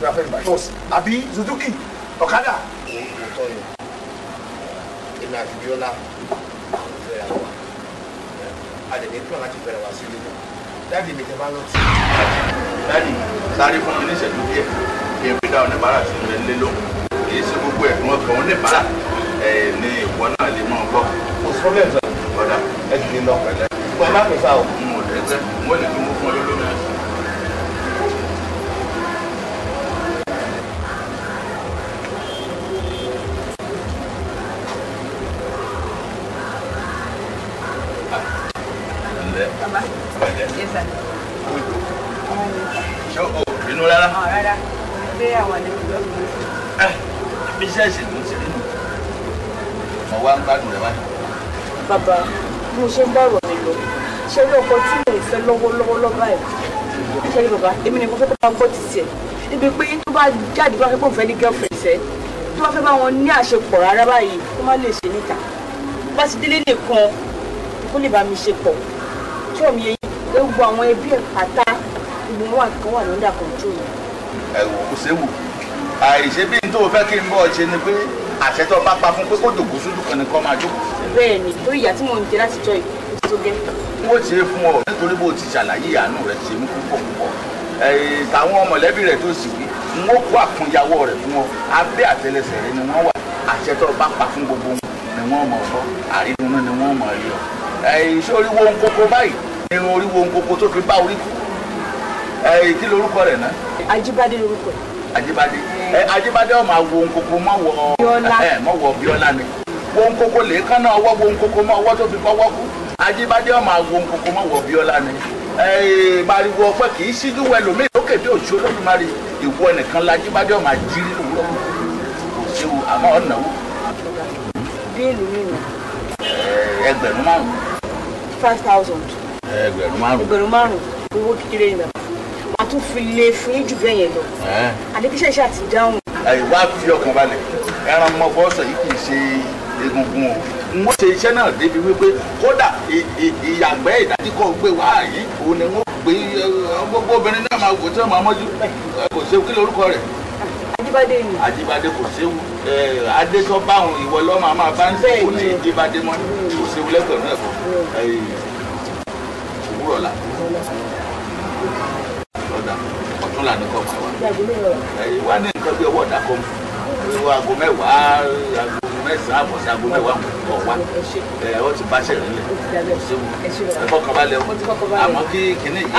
fẹ́ fẹ́ bá ṣọ́ọ̀ṣì àbí Suzuki ọ̀kadà. òótọ́ yẹn èmi àti Bíọ́lá fẹ́ra wa a lè ní pílọ̀ láti fẹ́ra wa náà dáàdì mi tẹ bá lọ sí. dáàdì sáré fún mi ní ìṣẹ́jú díẹ̀ kí n fi dá oníbàárà sí ilé lé lò kì í ṣe gbogbo ẹ̀ wọ́n kàn oníbàárà ẹ̀ ní ìwọ náà lè máa gbọ́. kò sọ́lẹ̀ sọ ọ̀dà ẹ̀ ti lọ pẹ̀lẹ́. ìgbà má fi fa o. mo rárá pé àwọn àlejò lọ́gbọ̀n. ẹ bí sẹ́ẹ̀sì ló ti rí nù mo wá ń gbádùn rẹ báyìí. bàbá bí mo ṣe ń bọ̀rọ̀ mi lọ ṣé lọ́kọ tí mo fẹ́ lọ́wọ́lọ́wọ́ lọ́ba ẹ̀ ṣe ni bàbá èmi ni mo fẹ́ kó bá gbọ́ títì ẹ̀ ibi pé tó bá jáde bá fẹ́ kó fẹ́ ní girlfriend sẹ́ tó bá fẹ́ bá wọn ní àṣepọ̀ rárá báyìí kó má lè ṣe níta bá ti délé nìkan kó lè bá mi ṣe pọ̀ tí òun yẹ gbogbo àwọn ẹbí ẹ̀ pátá gbogbo wọn àti kan wà lọ́dà control ẹ̀wò kò séwò àìṣe bí n tó fẹ́ kí n bọ́ ọ ṣe ni pé àṣẹ tó bá pa fún pé kó dògbò sójú kan ni kó máa jókòó. bẹ́ẹ̀ ni ìyá tí mò ń jẹ láti jọ ìkóso gẹ. wọ́n ti fún ọ nítorí bó ti ṣàlàyé àánú rẹ̀ ṣe mú púpọ̀ púpọ̀ tàwọn mọ̀lẹ́bí rẹ̀ tó sì wí n kó àkúnyàwó rẹ̀ fún ọ abẹ́ àtẹlẹsẹ̀ rẹ̀ ni wọ́n wà àṣẹ tó bá pa fún gbogbo ni wọ́n mọ̀ ọ́ àrídùnú ni wọ́n mọ̀ rí ọ. ìṣòrí báyìí irun orí wo tó fi bá orí kú kí lorúkọ rẹ̀ náà. Ajíbádé lórúkọ ẹ̀. ẹ Ajíbádé ọmọ awo nkoko mọ wọ ẹ mọ wọ Bíọ́lá ni wo nkoko lè náà ọwọ́ wo nkoko mọ ọwọ́ tó fi kọ́wọ́ kú Ajíbádé ọmọ awo nkoko mọ wọ Bíọ́lá ni bariwo ọpẹ kì í síjú wẹ lómi lókè bí òṣù olódùmarè ìwọ nìkan l'Ajíbádé ọmọ àjírí lòwúrọ̀ kò séwu àmọ́ ọ̀nà wò. mi nù. ẹgbẹ̀rún márùn five thousand. ẹgbẹ̀rún márùn-ún. márùn owó kékeré yìí náà a tún fi lè fún yín jù bẹ́ẹ̀ yẹn lọ àdébíṣẹ́ iṣẹ́ àti dáhùn. àìwá fi ọkàn balẹ̀ ẹran ọmọ bọ́sọ̀ yìí kì í ṣe egungun o wọ́n ṣe iṣẹ́ náà débi wípé kódà ìyàgbẹ́ ìdájíkọ̀ gbé wá yìí òun ni wọ́n gbé gbogbo obìnrin náà máa wò tí wọ́n máa mọ́jú kò séwu kí lorúkọ rẹ̀. Ajíbádé ni. Ajíbádé kò séwu adétọ́báhùn ìwọ lọ́mọ àmọ́ bá ń sèwò ní Ajíbádé mọ́ kò séwu lẹ́gbẹ̀rún ẹ̀kọ́ òwúrọ̀ la fúlàní kan máa wá wá ní nǹkan bí ọwọ́ ọ̀dà kan wọ aago mẹ́wàá aago mẹ́sàn-án àbọ̀ sí aago mẹ́wàá kò wá ẹ ọ ti bá ṣẹ̀rẹ̀ lẹ̀ ẹ fọkàn balẹ̀ o àmọ́ kí kinní yìí.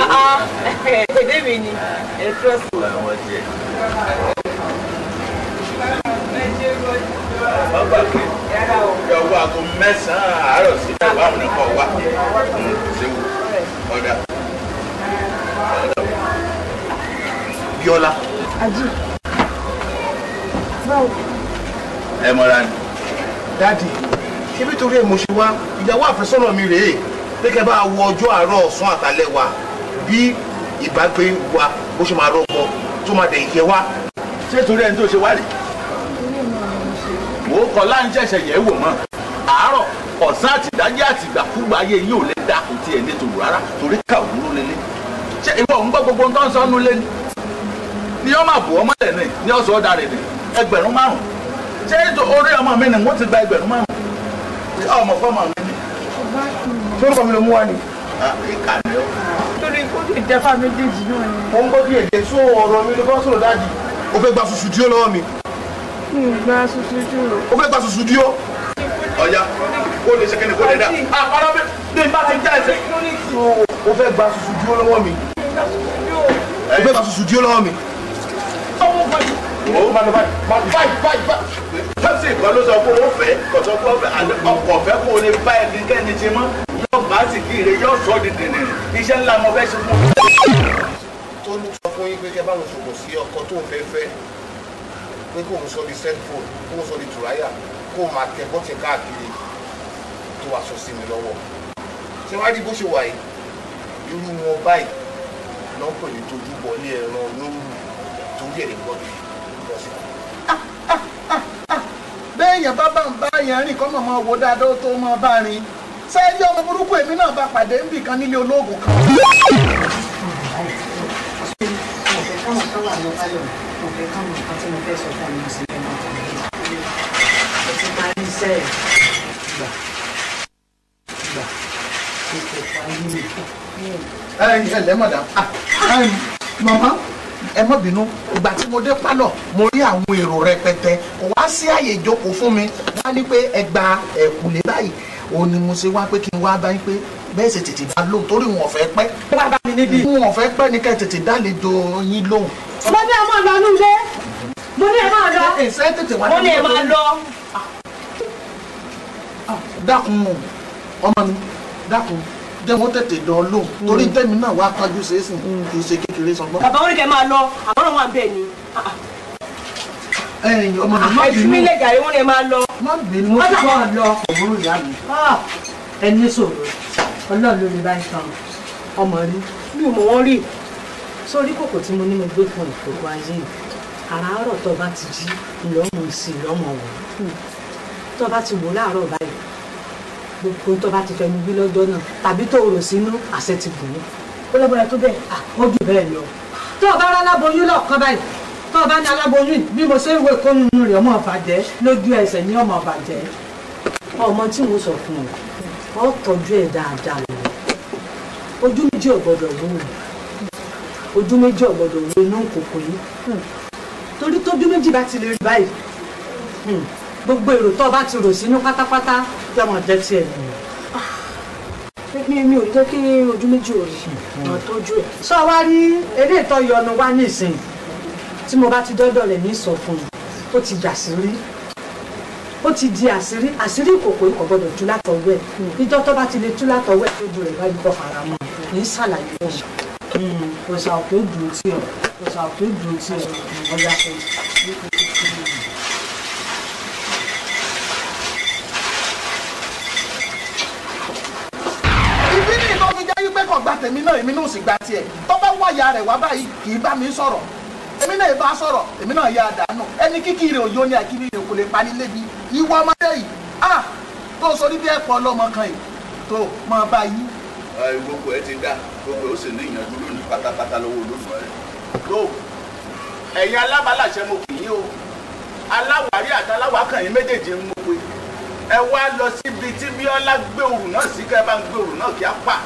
ẹ̀ẹ́dẹ́ ah, ah. mi ni ẹ̀ trọ́sì. bàbá kí aago mẹ́sàn-án àárọ̀ sí mẹ́wàá àwọn ẹ̀kọ́ wa hmm, ọ̀dà. Bíọ́lá. Àjí. Báwo? Ẹ mọ́ra ni. Dádì, ṣébí torí ẹ̀ mo ṣe wá, ìyàwó àfẹ́sọ́nà mi rèé, pé kẹ́ bá wo ọjọ́ àárọ̀ ọ̀sán àtàlẹ́ wa bí ìbágbé wa bó ṣe máa rọ́pọ̀ tó máa dẹ̀ yẹ wá. Ṣé torí ẹni tó ṣe wá rí? Mo kọ láńṣẹ̀ṣẹ̀ yẹ̀ wò mọ́. Àárọ̀ ọ̀sán àtìdájẹ́ àtìgbàkúgbà ayé yìí ò lè dá kò tiẹ̀ nítorí rárá torí kàwé ló lélẹ̀. Ṣé ìwọ ń gbọ́ gbogbo nǹkan sọ́nu lé ni? ni ọmọ àbò ọmọ ẹ̀ ní ní ọ̀sọ̀ ọ̀dà rẹ̀ ní ẹgbẹ̀rún márùn ṣé orí ọmọ mi ni wọ́n ti gba ẹgbẹ̀rún márùn ọmọ fọmọ mi ni. fúnfọ mi ló mú wá ni. Ah, ìkànnì ó. torí kó lè dẹ́fà méjèèjì náà ni. mo ń gbọ́ bí èdè tó ọ̀rọ̀ mi ló bá sọ̀rọ̀ dáàdì. o fẹ́ gba ṣùṣù díó lọ́wọ́ mi. o fẹ́ gba ṣùṣù díó. ọ̀ya kó lè ṣe kẹ́ni kó lè dá. àpárá ah, mi ní bá ti já ẹsẹ̀. o fẹ́ gba ṣùṣù díó lọ́wọ́ mi. o fẹ́ gba ṣùṣù díó lọ́wọ́ mi pepsi kan ló sọ pé ó fẹ́ kọ̀tọ́ pé ọ̀fẹ́ ọkọ̀ ọ̀fẹ́ kò lè bá ẹnikẹ́ni ti mọ́ yóò bá sì kí ire yóò sọ di dènè iṣẹ́ ńlá mo fẹ́ ṣe fún un. tó ló sọ fún yín pé kí ẹ bá wọn ṣòwò sí ọkọ tó fẹ́ fẹ́ pé kó ń sọ di cellphone kó ń sọ di tùráyà kó máa tẹ bọ́tì káàkiri tó wàá sọ sí mi lọ́wọ́ ṣé wàá rí bó ṣe wà yìí irú wọn báyìí lọ́pọ̀ ní tojúbọ ní ẹran lóru díẹ̀ lè gbọ́ mi lọ sí. béèyàn bá bá ń bá yẹn rìn kọ́ mọ̀ mọ́ wo dáadáa tó mọ́ bá rìn sẹ́ẹ̀dí ọmọ burúkú èmi náà bá pàdé ń bì kan nílé olóògùn kan. ẹ ẹ lẹ́mọ̀dá ah, mama ẹ má bínú ìgbà tí mo dé pálọ̀ mo rí àwọn èrò rẹpẹtẹ kò wá sí àyè ìjókòó fún mi wá ní pé ẹ gba ẹ̀kúlé báyìí òun ni mo ṣe wá pé kí n wá báyìí pé bẹ́ẹ̀ ṣe tètè dá lóhùn torí wọn fẹ́ pẹ́. wọ́n bá bá mi níbí. wọn fẹ́ pẹ́ ní ká tètè dálejò yín lóhùn. mo ní ẹ máa lọ inú ilé mo ní ẹ máa lọ mo ní ẹ máa lọ. Ah, dákun ọmọ mi dákun jẹ́ wọ́n tètè dán lóhùn mm. torí tẹ́mi náà wàá kájú ṣe é sìn mm. kì í ṣe kékeré sọgbọ́n. bàbá orí kẹ máa lọ àmọ́ràn wà bẹ́ẹ̀ ni. ẹ̀yin ọmọ mi má bínú ẹ̀fún mi lè jàre wọ́n lè máa lọ. má bínú wọ́n ti máa lọ òwúrò ìyá mi. ẹni sòrò ọlọ́run ló lè bá ìtàn ọmọ rí mi ò mọ̀ wọ́n rí sórí kòkò tí mo ní mo gbé fún ìkòkò ayé yìí àràárọ̀ tó bá ti jí ìlọ́mù sí ìlọ́mù ọ̀wọ́ hmm. tó bá ti wò láàárọ̀ báyìí gbogbo tó bá ti fẹnu wí lọ́jọ́ náà tàbí tó rò sínú àṣẹ ti gùn ún ó lọ́gbọ́n rẹ tó bẹ́ẹ̀ à wọ́n jù bẹ́ẹ̀ lọ. tó o bá rá aláboyún lọ́ọ̀kan báyìí tó o bá ní aláboyún bí mo ṣe ń wo ìkóyún rẹ̀ ọmọ ọ̀bàjẹ́ lójú ẹsẹ̀ ní ọmọ ọ̀bàjẹ́ ọmọ tí mo sọ fún ọ ọ tọ́jú ẹ̀ dáadáa lọ ojú méjì ò gbọ́dọ̀ wò ó ojú méjì ò gbọ́dọ̀ inú kòkò yìí torí tójú méjì bá ti lè rí báyìí hmm, gbogbo èrò tó o bá ti rò sínú pátápátá yóò máa jẹ́ tiẹ̀ ah, mi mi ò jẹ́ kí ojú méjì ò rí ọ̀nà hmm. tójú ẹ̀. sọ wá rí eré ìtọ́yọnu wá nísìn tí mo bá ti dọ́dọ̀ rẹ̀ ní sọ fún un ó ti di àṣírí ó ti di àṣírí àṣírí ìkòkò kò gbọdọ̀ tú látọwọ́ ẹ̀ hmm. ìjọ tó bá ti lè tú látọwọ́ ẹ̀ tójú rẹ̀ bá gbọ́ fara mọ́ ní sàlàyé ẹ̀ òṣà òkè dùn tí ọ̀ òṣà òkè dùn tí ọ̀ ọ̀dà kò gba tèmi náà èmi náà sì gba tiẹ̀ tó bá wáyà rẹ̀ wá báyìí kì í bá mi sọ̀rọ̀ èmi náà bá sọ̀rọ̀ èmi náà yà dànù ẹni kíkiri òyò ni àkiri rẹ̀ kò lè pa nílé bi ìwọ ọmọdé yìí ah tó sori bí ẹ̀pọ̀ ọlọ́mọ kan yìí tó mọ bá yí. gbogbo ẹ ti dá gbogbo ó sì ní ìyànjú lónìí pátápátá lọ́wọ́ olóòfò rẹ̀ tó ẹ̀yin alábàláṣẹ mo kì í o aláwárí àtàláwákàn yín méjèèjì ń mú pé ẹ wá lọ síbi tí bíọ́lá gbé òrùn náà sí kẹ́ ẹ bá ń gbé òrùn náà kí á pa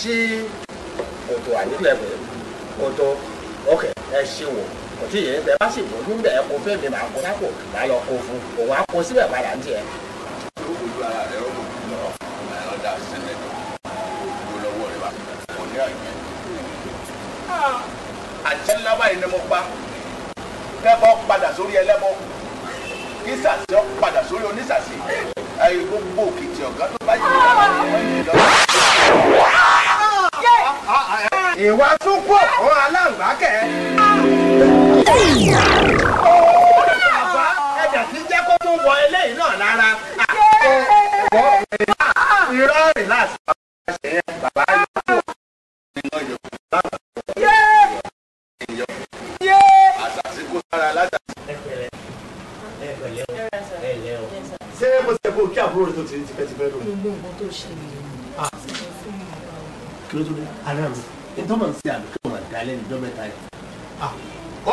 시 오도 아니고 오도 오케이 ẹṣin wò kò tí bẹ bá sì wò ní bẹ ẹkọ fẹmi máa kó sáko máa lọ kó fún òun á kó síbẹ̀ padà ní tiẹ̀. ojú ara rẹ ó lọ ọ da sílẹ̀ ojú lọ́wọ́ rẹ wa kò ní àjẹ. Ah. àjẹ ńlá báyìí ni mo pa kẹbọ padà sórí ẹlẹ́bọ kí sàṣẹ padà sórí onísàṣẹ ẹ gbogbo òkìtì ọgá tó bá yìí lọ sí ẹgbẹ́ yìí lọ ìwà tún pọ̀ ọ́n aláǹgbákẹ́. bàbá ẹ̀jẹ̀ ti jẹ́ kó tún wọ eléyìí náà lára. irọ́ rìn láti bàbá ṣe yẹn bàbá yóò kó iná yòókù náà. àtàtì kó sára látàtì. ṣé mo ṣe kó kí àbúrò tó ti ti pẹ́ ti pẹ́ lò. gbogbo nǹkan tó ṣe nìyẹn kí ló tó dé ara mi nítorí wọn ti àdúgbò wọn dalẹ ní dọ́mẹ́ta yìí.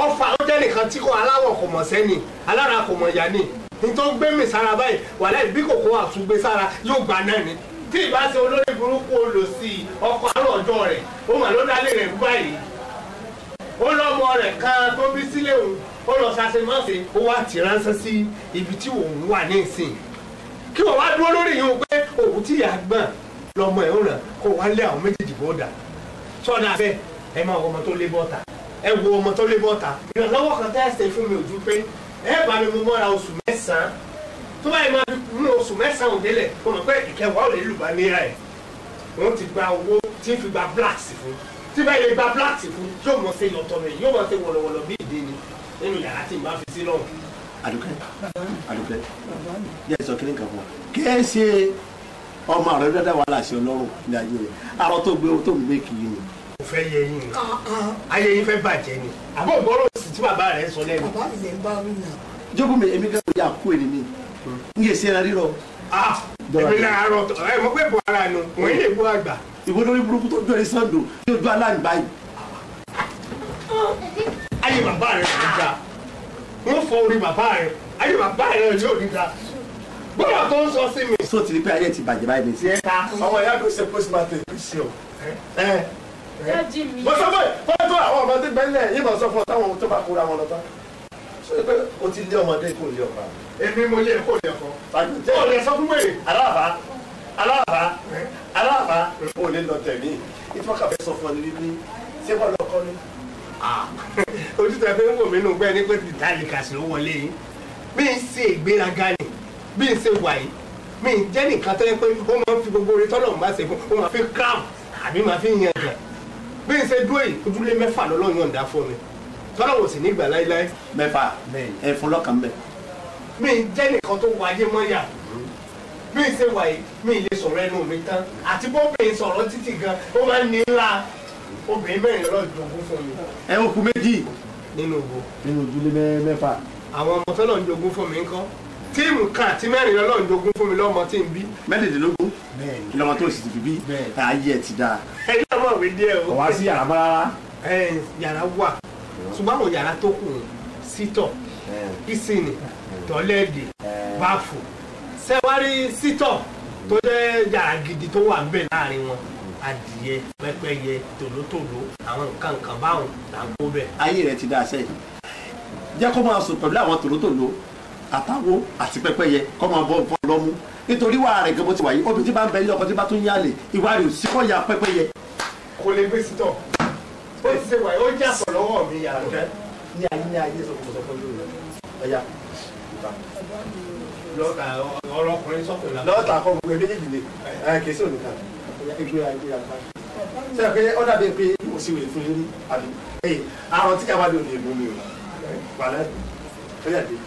ọfà ó jẹ́ nìkan tí kò aláwọ̀ kò mọ̀ sẹ́ni alára kò mọ̀ yá ni nítorí gbé mi sára báyìí wàlẹ́ bí kòkó àtúgbé sára yóò gbà náà ni tí ìbá ṣe olórí burúkú olòsì ọkọ̀ àárọ̀ ọjọ́ rẹ̀ ó mà ló dálé rẹ̀ báyìí ó lọ́mọ rẹ̀ kan tó bí sílé òun ó lọ ṣàṣemọ́sẹ̀ ó wá ti ránṣẹ́ sí ibi tí òun wà ní ìsìn kí wọ́n wá dúró lórí yìí ó pé òun tí ìyá gbọ̀n lọ́mọ ẹ̀ ó ràn kó wá lé àwọn méjèèjì bó dà sọ́dà bẹ́ẹ̀ ẹ máa wọ ọmọ tó lé bọ́ta ẹ wo ọmọ tó lé bọ́ta ìrànlọ́wọ́ kan tẹ́ ẹ ṣe fún mi ojú pé ẹ bá mi mú mọ́ra oṣù mẹ́sàn-án tó báyìí máa mú oṣù mẹ́sàn-án òdélẹ̀ mo mọ̀ pé ìkẹwàá ò lè lù bá níra ẹ̀ wọ́n ti gba owó tí ń fi gba blacks fún tí báyìí lè gba blacks fún yóò mọ̀ ṣe yọ̀tọ̀ mi yóò mọ̀ ṣe wọ̀lọ̀wọ̀lọ̀ bí ìdí ni nínú yàrá tí n bá fi sí náà. àdùkẹ́ àdùkẹ́ yẹ́n ọmọ rẹ dẹ́dẹ́ wà láṣẹ ọlọ́run ní ayé rẹ tó gbé tó ń gbé kiri ni. mo fẹ́ yẹ yín ni ayé yín fẹ́ bàjẹ́ ni àbọ̀ gbọ́rọ̀ sí tí bàbá rẹ sọ lẹ́nu. bàbá mi lè bá mi nà. Ah, jókòó èmi mi n sẹ́ra rírọ. èmi náà ẹ mo bọ ara nu mo yẹ bọ àgbà. ìwé lórí burúkú tó jọrí aláǹgbá yìí. ayé bàbá ní ta bọ́lá tó ń sọ sí mi. so ti rí pé ayé ti bàjẹ́ báyìí nìyí. ọmọ ìyá kò ṣe postmate ìpèsè o. Eh? Eh? Eh? mo sọ pé pọ́ńtò àwọn ọmọdé gbẹ́lẹ̀ yìnbọn sọ fún ọ táwọn tó bá kóra wọn lọ bá. so pé o ti lé ọmọdé kò lé ọba. èmi mo lé kò lé ọkọ. o lè sọ fún wèrè. aláàbá aláàbá aláàbá o lè lọ tẹ̀mí ìtúwọ́kàfẹ́ sọ fún ọ níbi ní ṣé bọ́ọ̀lù ọkọ ni ojú tẹ fẹ́ ń wò mí nù gbẹ́ ní pé ti dálì kàṣí ló wọlé yìí bí n ṣe ìgbéraga ni bí n ṣe wà yìí mi ì jẹ́ nìkan tó yẹ pé ó máa ń fi gbogbo orí tọ́lọ̀ ń bá ṣe fún ó máa fi kram àbí máa fi yan jẹ bí n ṣe dúró yìí ojúlé mẹ́fà lọ́lọ́run yọ̀ǹda fún mi tọ́lọ̀ wò sí nígbà láíláí. mẹ́fà ẹ fún lọ́kàn bẹ́ẹ̀. mi ì jẹ́ nìkan tó wáyé mọ́yà bí n ṣe wà yìí mi ì lè sọ̀rọ̀ ẹnu mi tán àti bóbìnrin sọ̀rọ̀ títì gan ó máa ń ní ńlá obìnrin mẹ́rin lọ́ọ́ jogún fún mi. ẹ ń kú méjì. nínú ògbó. nínú ojúlé mẹ́fà. àwọn ọmọ tọ́lọ̀ ń jogún fún mi ńkọ́ tíìmù kan àti mẹ́rin ọlọ́run jogún fún mi lọ́mọ tí n bí. mẹ́rìndínlógún lọ́mọ tó sì ti bí ayé ẹ̀ ti dáa. ẹyin ọmọ mi díẹ̀ o. ọ̀wá sí yàrá bá rárá. yàrá wà ṣùgbọ́n àwọn yàrá tó kù sítọ̀ kísìnì tọ́lẹ́ẹ̀dì báfù sẹ́wárí sítọ̀ tó jẹ́ yàrá gidi tó wà níbẹ̀ láàrin wọn adìyẹ pẹ́pẹ́yẹ tòlótòló àwọn nǹkan nǹkan báwọn là ń kó bẹ̀. ayé rẹ ti dáa sẹ́yìn jẹ́ kó máa sùn pẹ̀lú àwọn tòlótòló àtàwọ àti pẹ́pẹ́yẹ kọ́ máa bọ́ bọ́ lọ́mú nítorí wàá rẹ̀ gẹ́gẹ́ bó ti wà yìí obìnrin tí bá ń bẹ ilé ọkọ tí bá tún yálè ìwádìí ò sí kọ́ ya pẹ́pẹ́yẹ. kò lè gbé sítọ̀ ó ti ṣe wàyí ó jà sọ lọ́wọ́ mi yàtọ̀ ní ayé ní ayé sọ̀kòsọ̀kò lórí rẹ̀ ọ̀yà lọ́ọ̀tà ọ̀rọ̀ ọkùnrin sọ́kùnrin la. lọ́ọ̀tà kọ gbogbo ẹ̀ méjèèjì ni kì í sí òmìnira ìgbéra ìgbéra ìgbà. ṣé pé ó dàbí pé mo sì wèé fún yín àbí. àrùn tí káwá ló lè mi o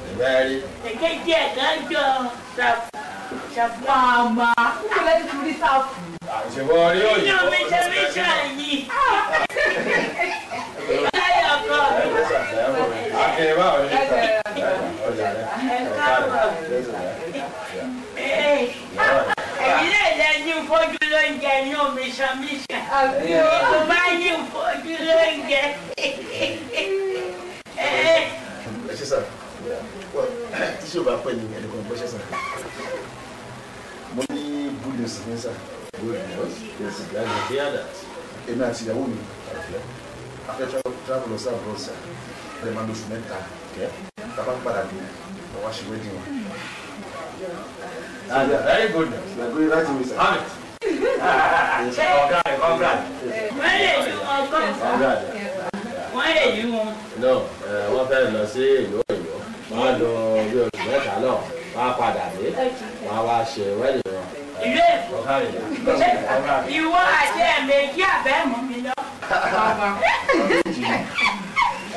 Very. Ẹ̀kẹ́ jẹ́ ẹ̀dájọ́ ṣàfùmá. Kúlẹ̀ ti tún rí sáfù. Àṣebọ̀ rí òyìnbó. Yóò mi ṣe mí ṣe àyè. Láyé ọkọ mi. Akẹ́yẹ bá ọ̀rẹ́ níta. Ọjà rẹ̀. Ẹ̀ka bọ̀. Ẹ̀yin náà lẹ ní fojú lóúnjẹ ní omi ṣàmíṣà. Mo bá ní fojú lóúnjẹ ẹ ṣe sà tí ṣe ò bá pẹ́ ní ẹnìkan pẹ́ ṣe sà mo ní búlẹ̀ sí ní sà èmi àti ìyàwó mi afẹ́ travel lọ sí àbúrò sà ẹ̀ máa lóṣù mẹ́ta tàbá padà dé ọwọ́ ṣe wedding wa. And uh, very good. You are going right away, sir. Have it. Ọ̀gá ẹ̀ ọ̀gá ẹ̀. Wẹ́rẹ̀ ju ọ̀gá ẹ̀ mọ́ èyí mu. no wọ́n fẹ́ lọ sí ìlú Ọ̀yọ́ wọ́n á lọ bí oṣù mẹ́ta náà wọ́n á padà dé wọ́n á wá ṣe wẹ́ẹ̀lì wọn. ìlú èkó ìwọ àti ẹ̀mẹ̀jì àbẹ́ mú mi lọ.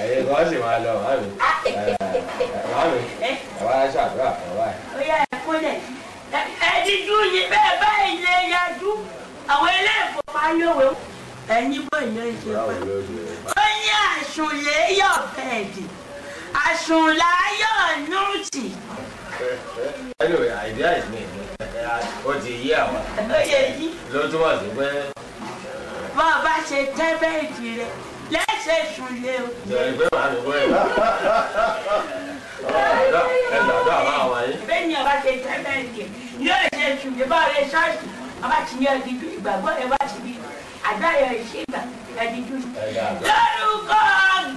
ẹ̀yin kan sì máa lọ màmí màmí wọ́n á ṣàdúrà fún wa. ó yá ẹ kúnlẹ̀ ẹ̀ẹ́dídú yìí bẹ́ẹ̀ báyìí lè yá dú àwọn ilé ìfowópamọ́ yóò wẹ̀ ẹ̀yin bóyá ìṣe pé ní àsùnléyọ̀ bẹ́ẹ̀dì àsùnláyọ̀ nùtì. anyway idea is me ó ti yí àwọn. ló yẹ yí. ló túmọ̀ sí pé. bá a bá ṣe tẹ́ bẹ́ẹ̀dì rẹ lẹ́sẹ̀ sùn lé o. ìjọba ìgbẹ́ wà ló wẹ̀. ẹ gbàdúrà bá wà yín. bẹ́ẹ̀ ni ọba ṣe tẹ́ bẹ́ẹ̀dì yóò ṣe sùn lé bá a rẹ ṣáàṣì ọba ti ní ọdún ìgbàgbọ́ rẹ bá ti bí àdáyọ̀ ìṣègbà ẹ̀díjú lórúkọ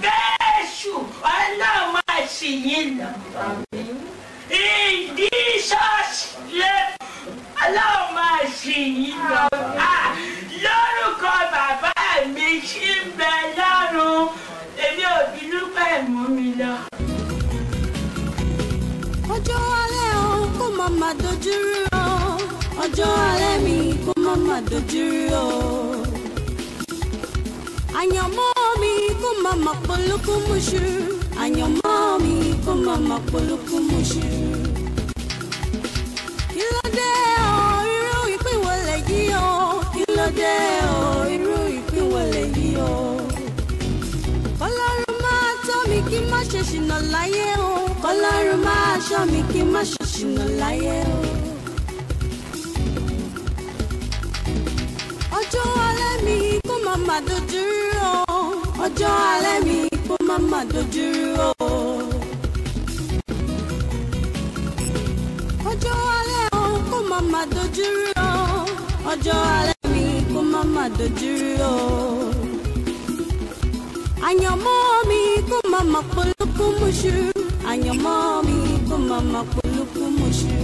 Jésù ọlọ́mọ lọ. In Jesus name ọlọ́mọ lọ. lórúkọ bàbá mi ṣì ń bẹ lọ́run èmi ò bínú pẹ̀ mú mi lọ. ọjọ́ alẹ́ o kó máa máa dojú rú o ọjọ́ alẹ́ mi kó máa máa dojú rú o àyànmọ́ mi kó má má polúkú múṣu àyànmọ́ mi kó má má polúkú múṣu. kí ló dé o irú o iru ló dé o irú o. kọlọ́run máa tọ́ mi kí má ṣe ṣìnà láyé o kọlọ́run máa ṣọ́ mi kí má ṣe ṣìnà láyé o. ọjọ́ alẹ́ má má dojú rú o ọjọ́ alẹ́ mi kó má má dojú rú o. ọjọ́ alẹ́ o kó má má dojú rú o ọjọ́ alẹ́ mi kó má má dojú rú o. àyànmọ́ mi kó má má polúkú muṣu àyànmọ́ mi kó má má polúkú muṣu.